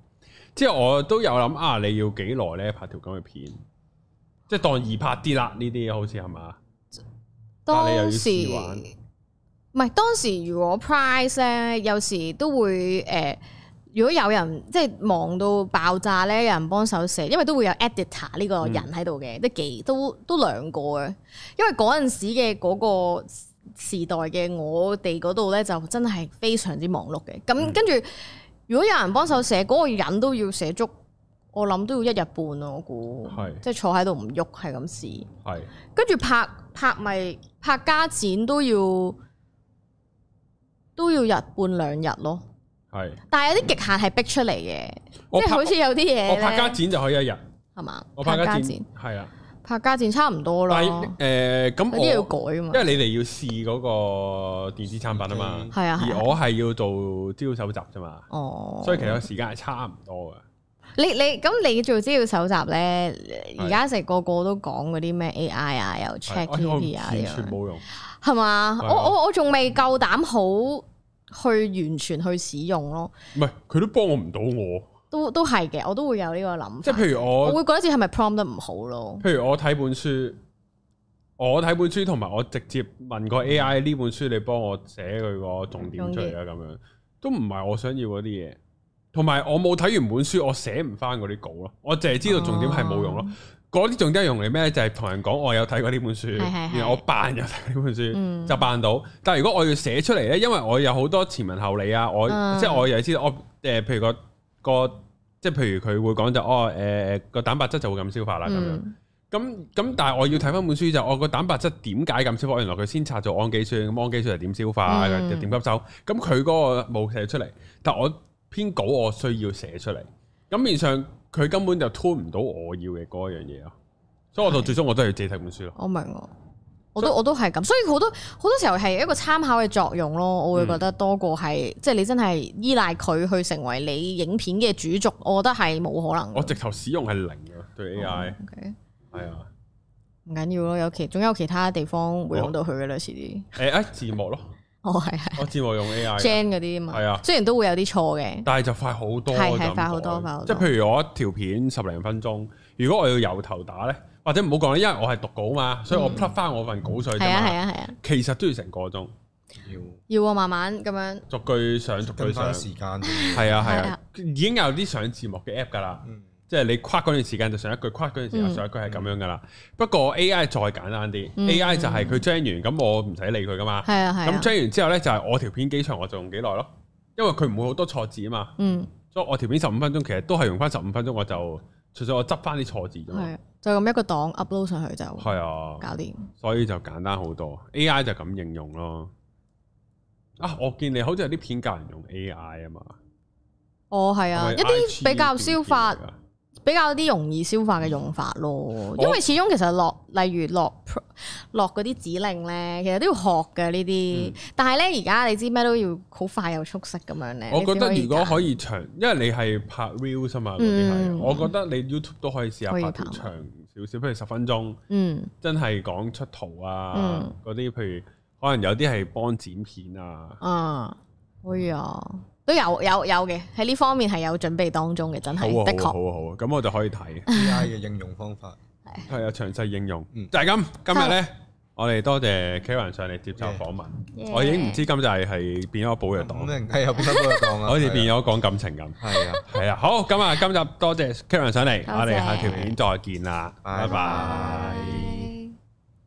即係我都有諗啊，你要幾耐咧拍條咁嘅片？即係當易拍啲啦，呢啲好似係嘛？當時但係你又要試玩唔係，當時如果 price 咧，有時都會誒。呃如果有人即係忙到爆炸咧，有人幫手寫，因為都會有 editor 呢個人喺度嘅，都幾都都兩個嘅。因為嗰陣時嘅嗰個時代嘅我哋嗰度咧，就真係非常之忙碌嘅。咁、嗯、跟住，如果有人幫手寫，嗰、嗰個人都要寫足，我諗都要一日半咯。我估，是 即係坐喺度唔喐，係咁寫。是 跟住拍拍咪拍加剪都要都要日半兩日咯。係，但係有啲極限係逼出嚟嘅，即係好似有啲嘢。我拍加剪就可以一日，係嘛？我拍加剪，係啊，拍加剪差唔多咯。但係誒，咁有啲要改啊嘛，因為你哋要試嗰個電子產品啊嘛，係啊。而我係要做資料搜集啫嘛，哦，所以其實時間係差唔多噶。你你咁你做資料搜集咧，而家成個個都講嗰啲咩 A I 啊，又 check 啊，完全冇用，係嘛？我我我仲未夠膽好。去完全去使用咯，唔係，佢都幫我唔到我，都都係嘅，我都會有呢個諗法。即係譬如我，我會覺得似係咪 prompt 得唔好咯？譬如我睇本書，我睇本書同埋我直接問個 AI 呢本書，你幫我寫佢個重點出嚟啊！咁樣都唔係我想要嗰啲嘢，同埋我冇睇完本書，我寫唔翻嗰啲稿咯，我淨係知道重點係冇用咯。啊嗰啲仲真係用嚟咩就係、是、同人講我有睇過呢本書，是是是，然後我扮有睇呢本書，嗯、就扮到。但係如果我要寫出嚟咧，因為我有好多前文後理啊，我即係、嗯、我又係知道我誒，譬如個個即係譬如佢會講就哦誒個蛋白質就會咁消化啦咁樣。咁咁、嗯、但係我要睇翻本書就是、我個蛋白質點解咁消化？原來佢先拆咗氨基酸，咁氨基酸係點消化，嗯、又點吸收。咁佢嗰個冇寫出嚟，但我編稿我需要寫出嚟。咁面上。佢根本就 turn 唔到我要嘅嗰一樣嘢啊，所以我到最終我都係自己睇本書咯。我明啊，我都以我都係咁，所以好多好多時候係一個參考嘅作用咯。我會覺得多過係即係你真係依賴佢去成為你影片嘅主軸，我覺得係冇可能。我直頭使用係零嘅對 AI，係啊、哦，唔緊要咯。有其仲有其他地方會用到佢嘅咧，哦、類似啲誒啊字幕咯。我係我字幕用 AI，Gen 嗰啲嘛，係啊，雖然都會有啲錯嘅，但係就快好多，係係快好多，即係譬如我一條片十零分鐘，如果我要由頭打咧，或者唔好講啦，因為我係讀稿嘛，所以我 plug 翻我份稿上去。係啊係啊，其實都要成個鐘，要要我慢慢咁樣逐句上逐句上時間。係啊係啊，已經有啲上字幕嘅 app 噶啦。即係你跨嗰段時間，就上一句跨嗰段時間，上一句係咁樣噶啦。嗯、不過 AI 再簡單啲、嗯、AI 就係佢將完，咁、嗯、我唔使理佢噶嘛。係啊係。咁將完之後咧，就係我條片幾長，我就用幾耐咯。因為佢唔會好多錯字啊嘛。嗯。所以我條片十五分鐘，其實都係用翻十五分鐘，我就除咗我執翻啲錯字啫嘛。係啊。就咁一個檔 upload 上去就係啊，搞掂。所以就簡單好多，AI 就咁應用咯。啊，我見你好似有啲片教人用 AI 啊嘛。哦，係啊，一啲比較消法。比較啲容易消化嘅用法咯，我因為始終其實落例如落落嗰啲指令咧，其實都要學嘅呢啲。嗯、但係咧，而家你知咩都要好快又速食咁樣咧。我覺得如果可以長，因為你係拍 Reels 吖嘛，嗰啲係，我覺得你 YouTube 都可以試下拍長少少，譬如十分鐘。嗯，真係講出圖啊，嗰啲、嗯、譬如可能有啲係幫剪片啊。啊、嗯，可以啊。都有有有嘅喺呢方面係有準備當中嘅，真係的確好好啊！咁我就可以睇 AI 嘅應用方法，係啊詳細應用。就係咁今日咧，我哋多謝 Karen 上嚟接受訪問。我已經唔知今集係係變咗寶藥黨，係啊變咗寶藥黨啦，好似變咗講感情咁。係啊係啊，好咁啊！今日多謝 Karen 上嚟，我哋下條片再見啦，拜拜。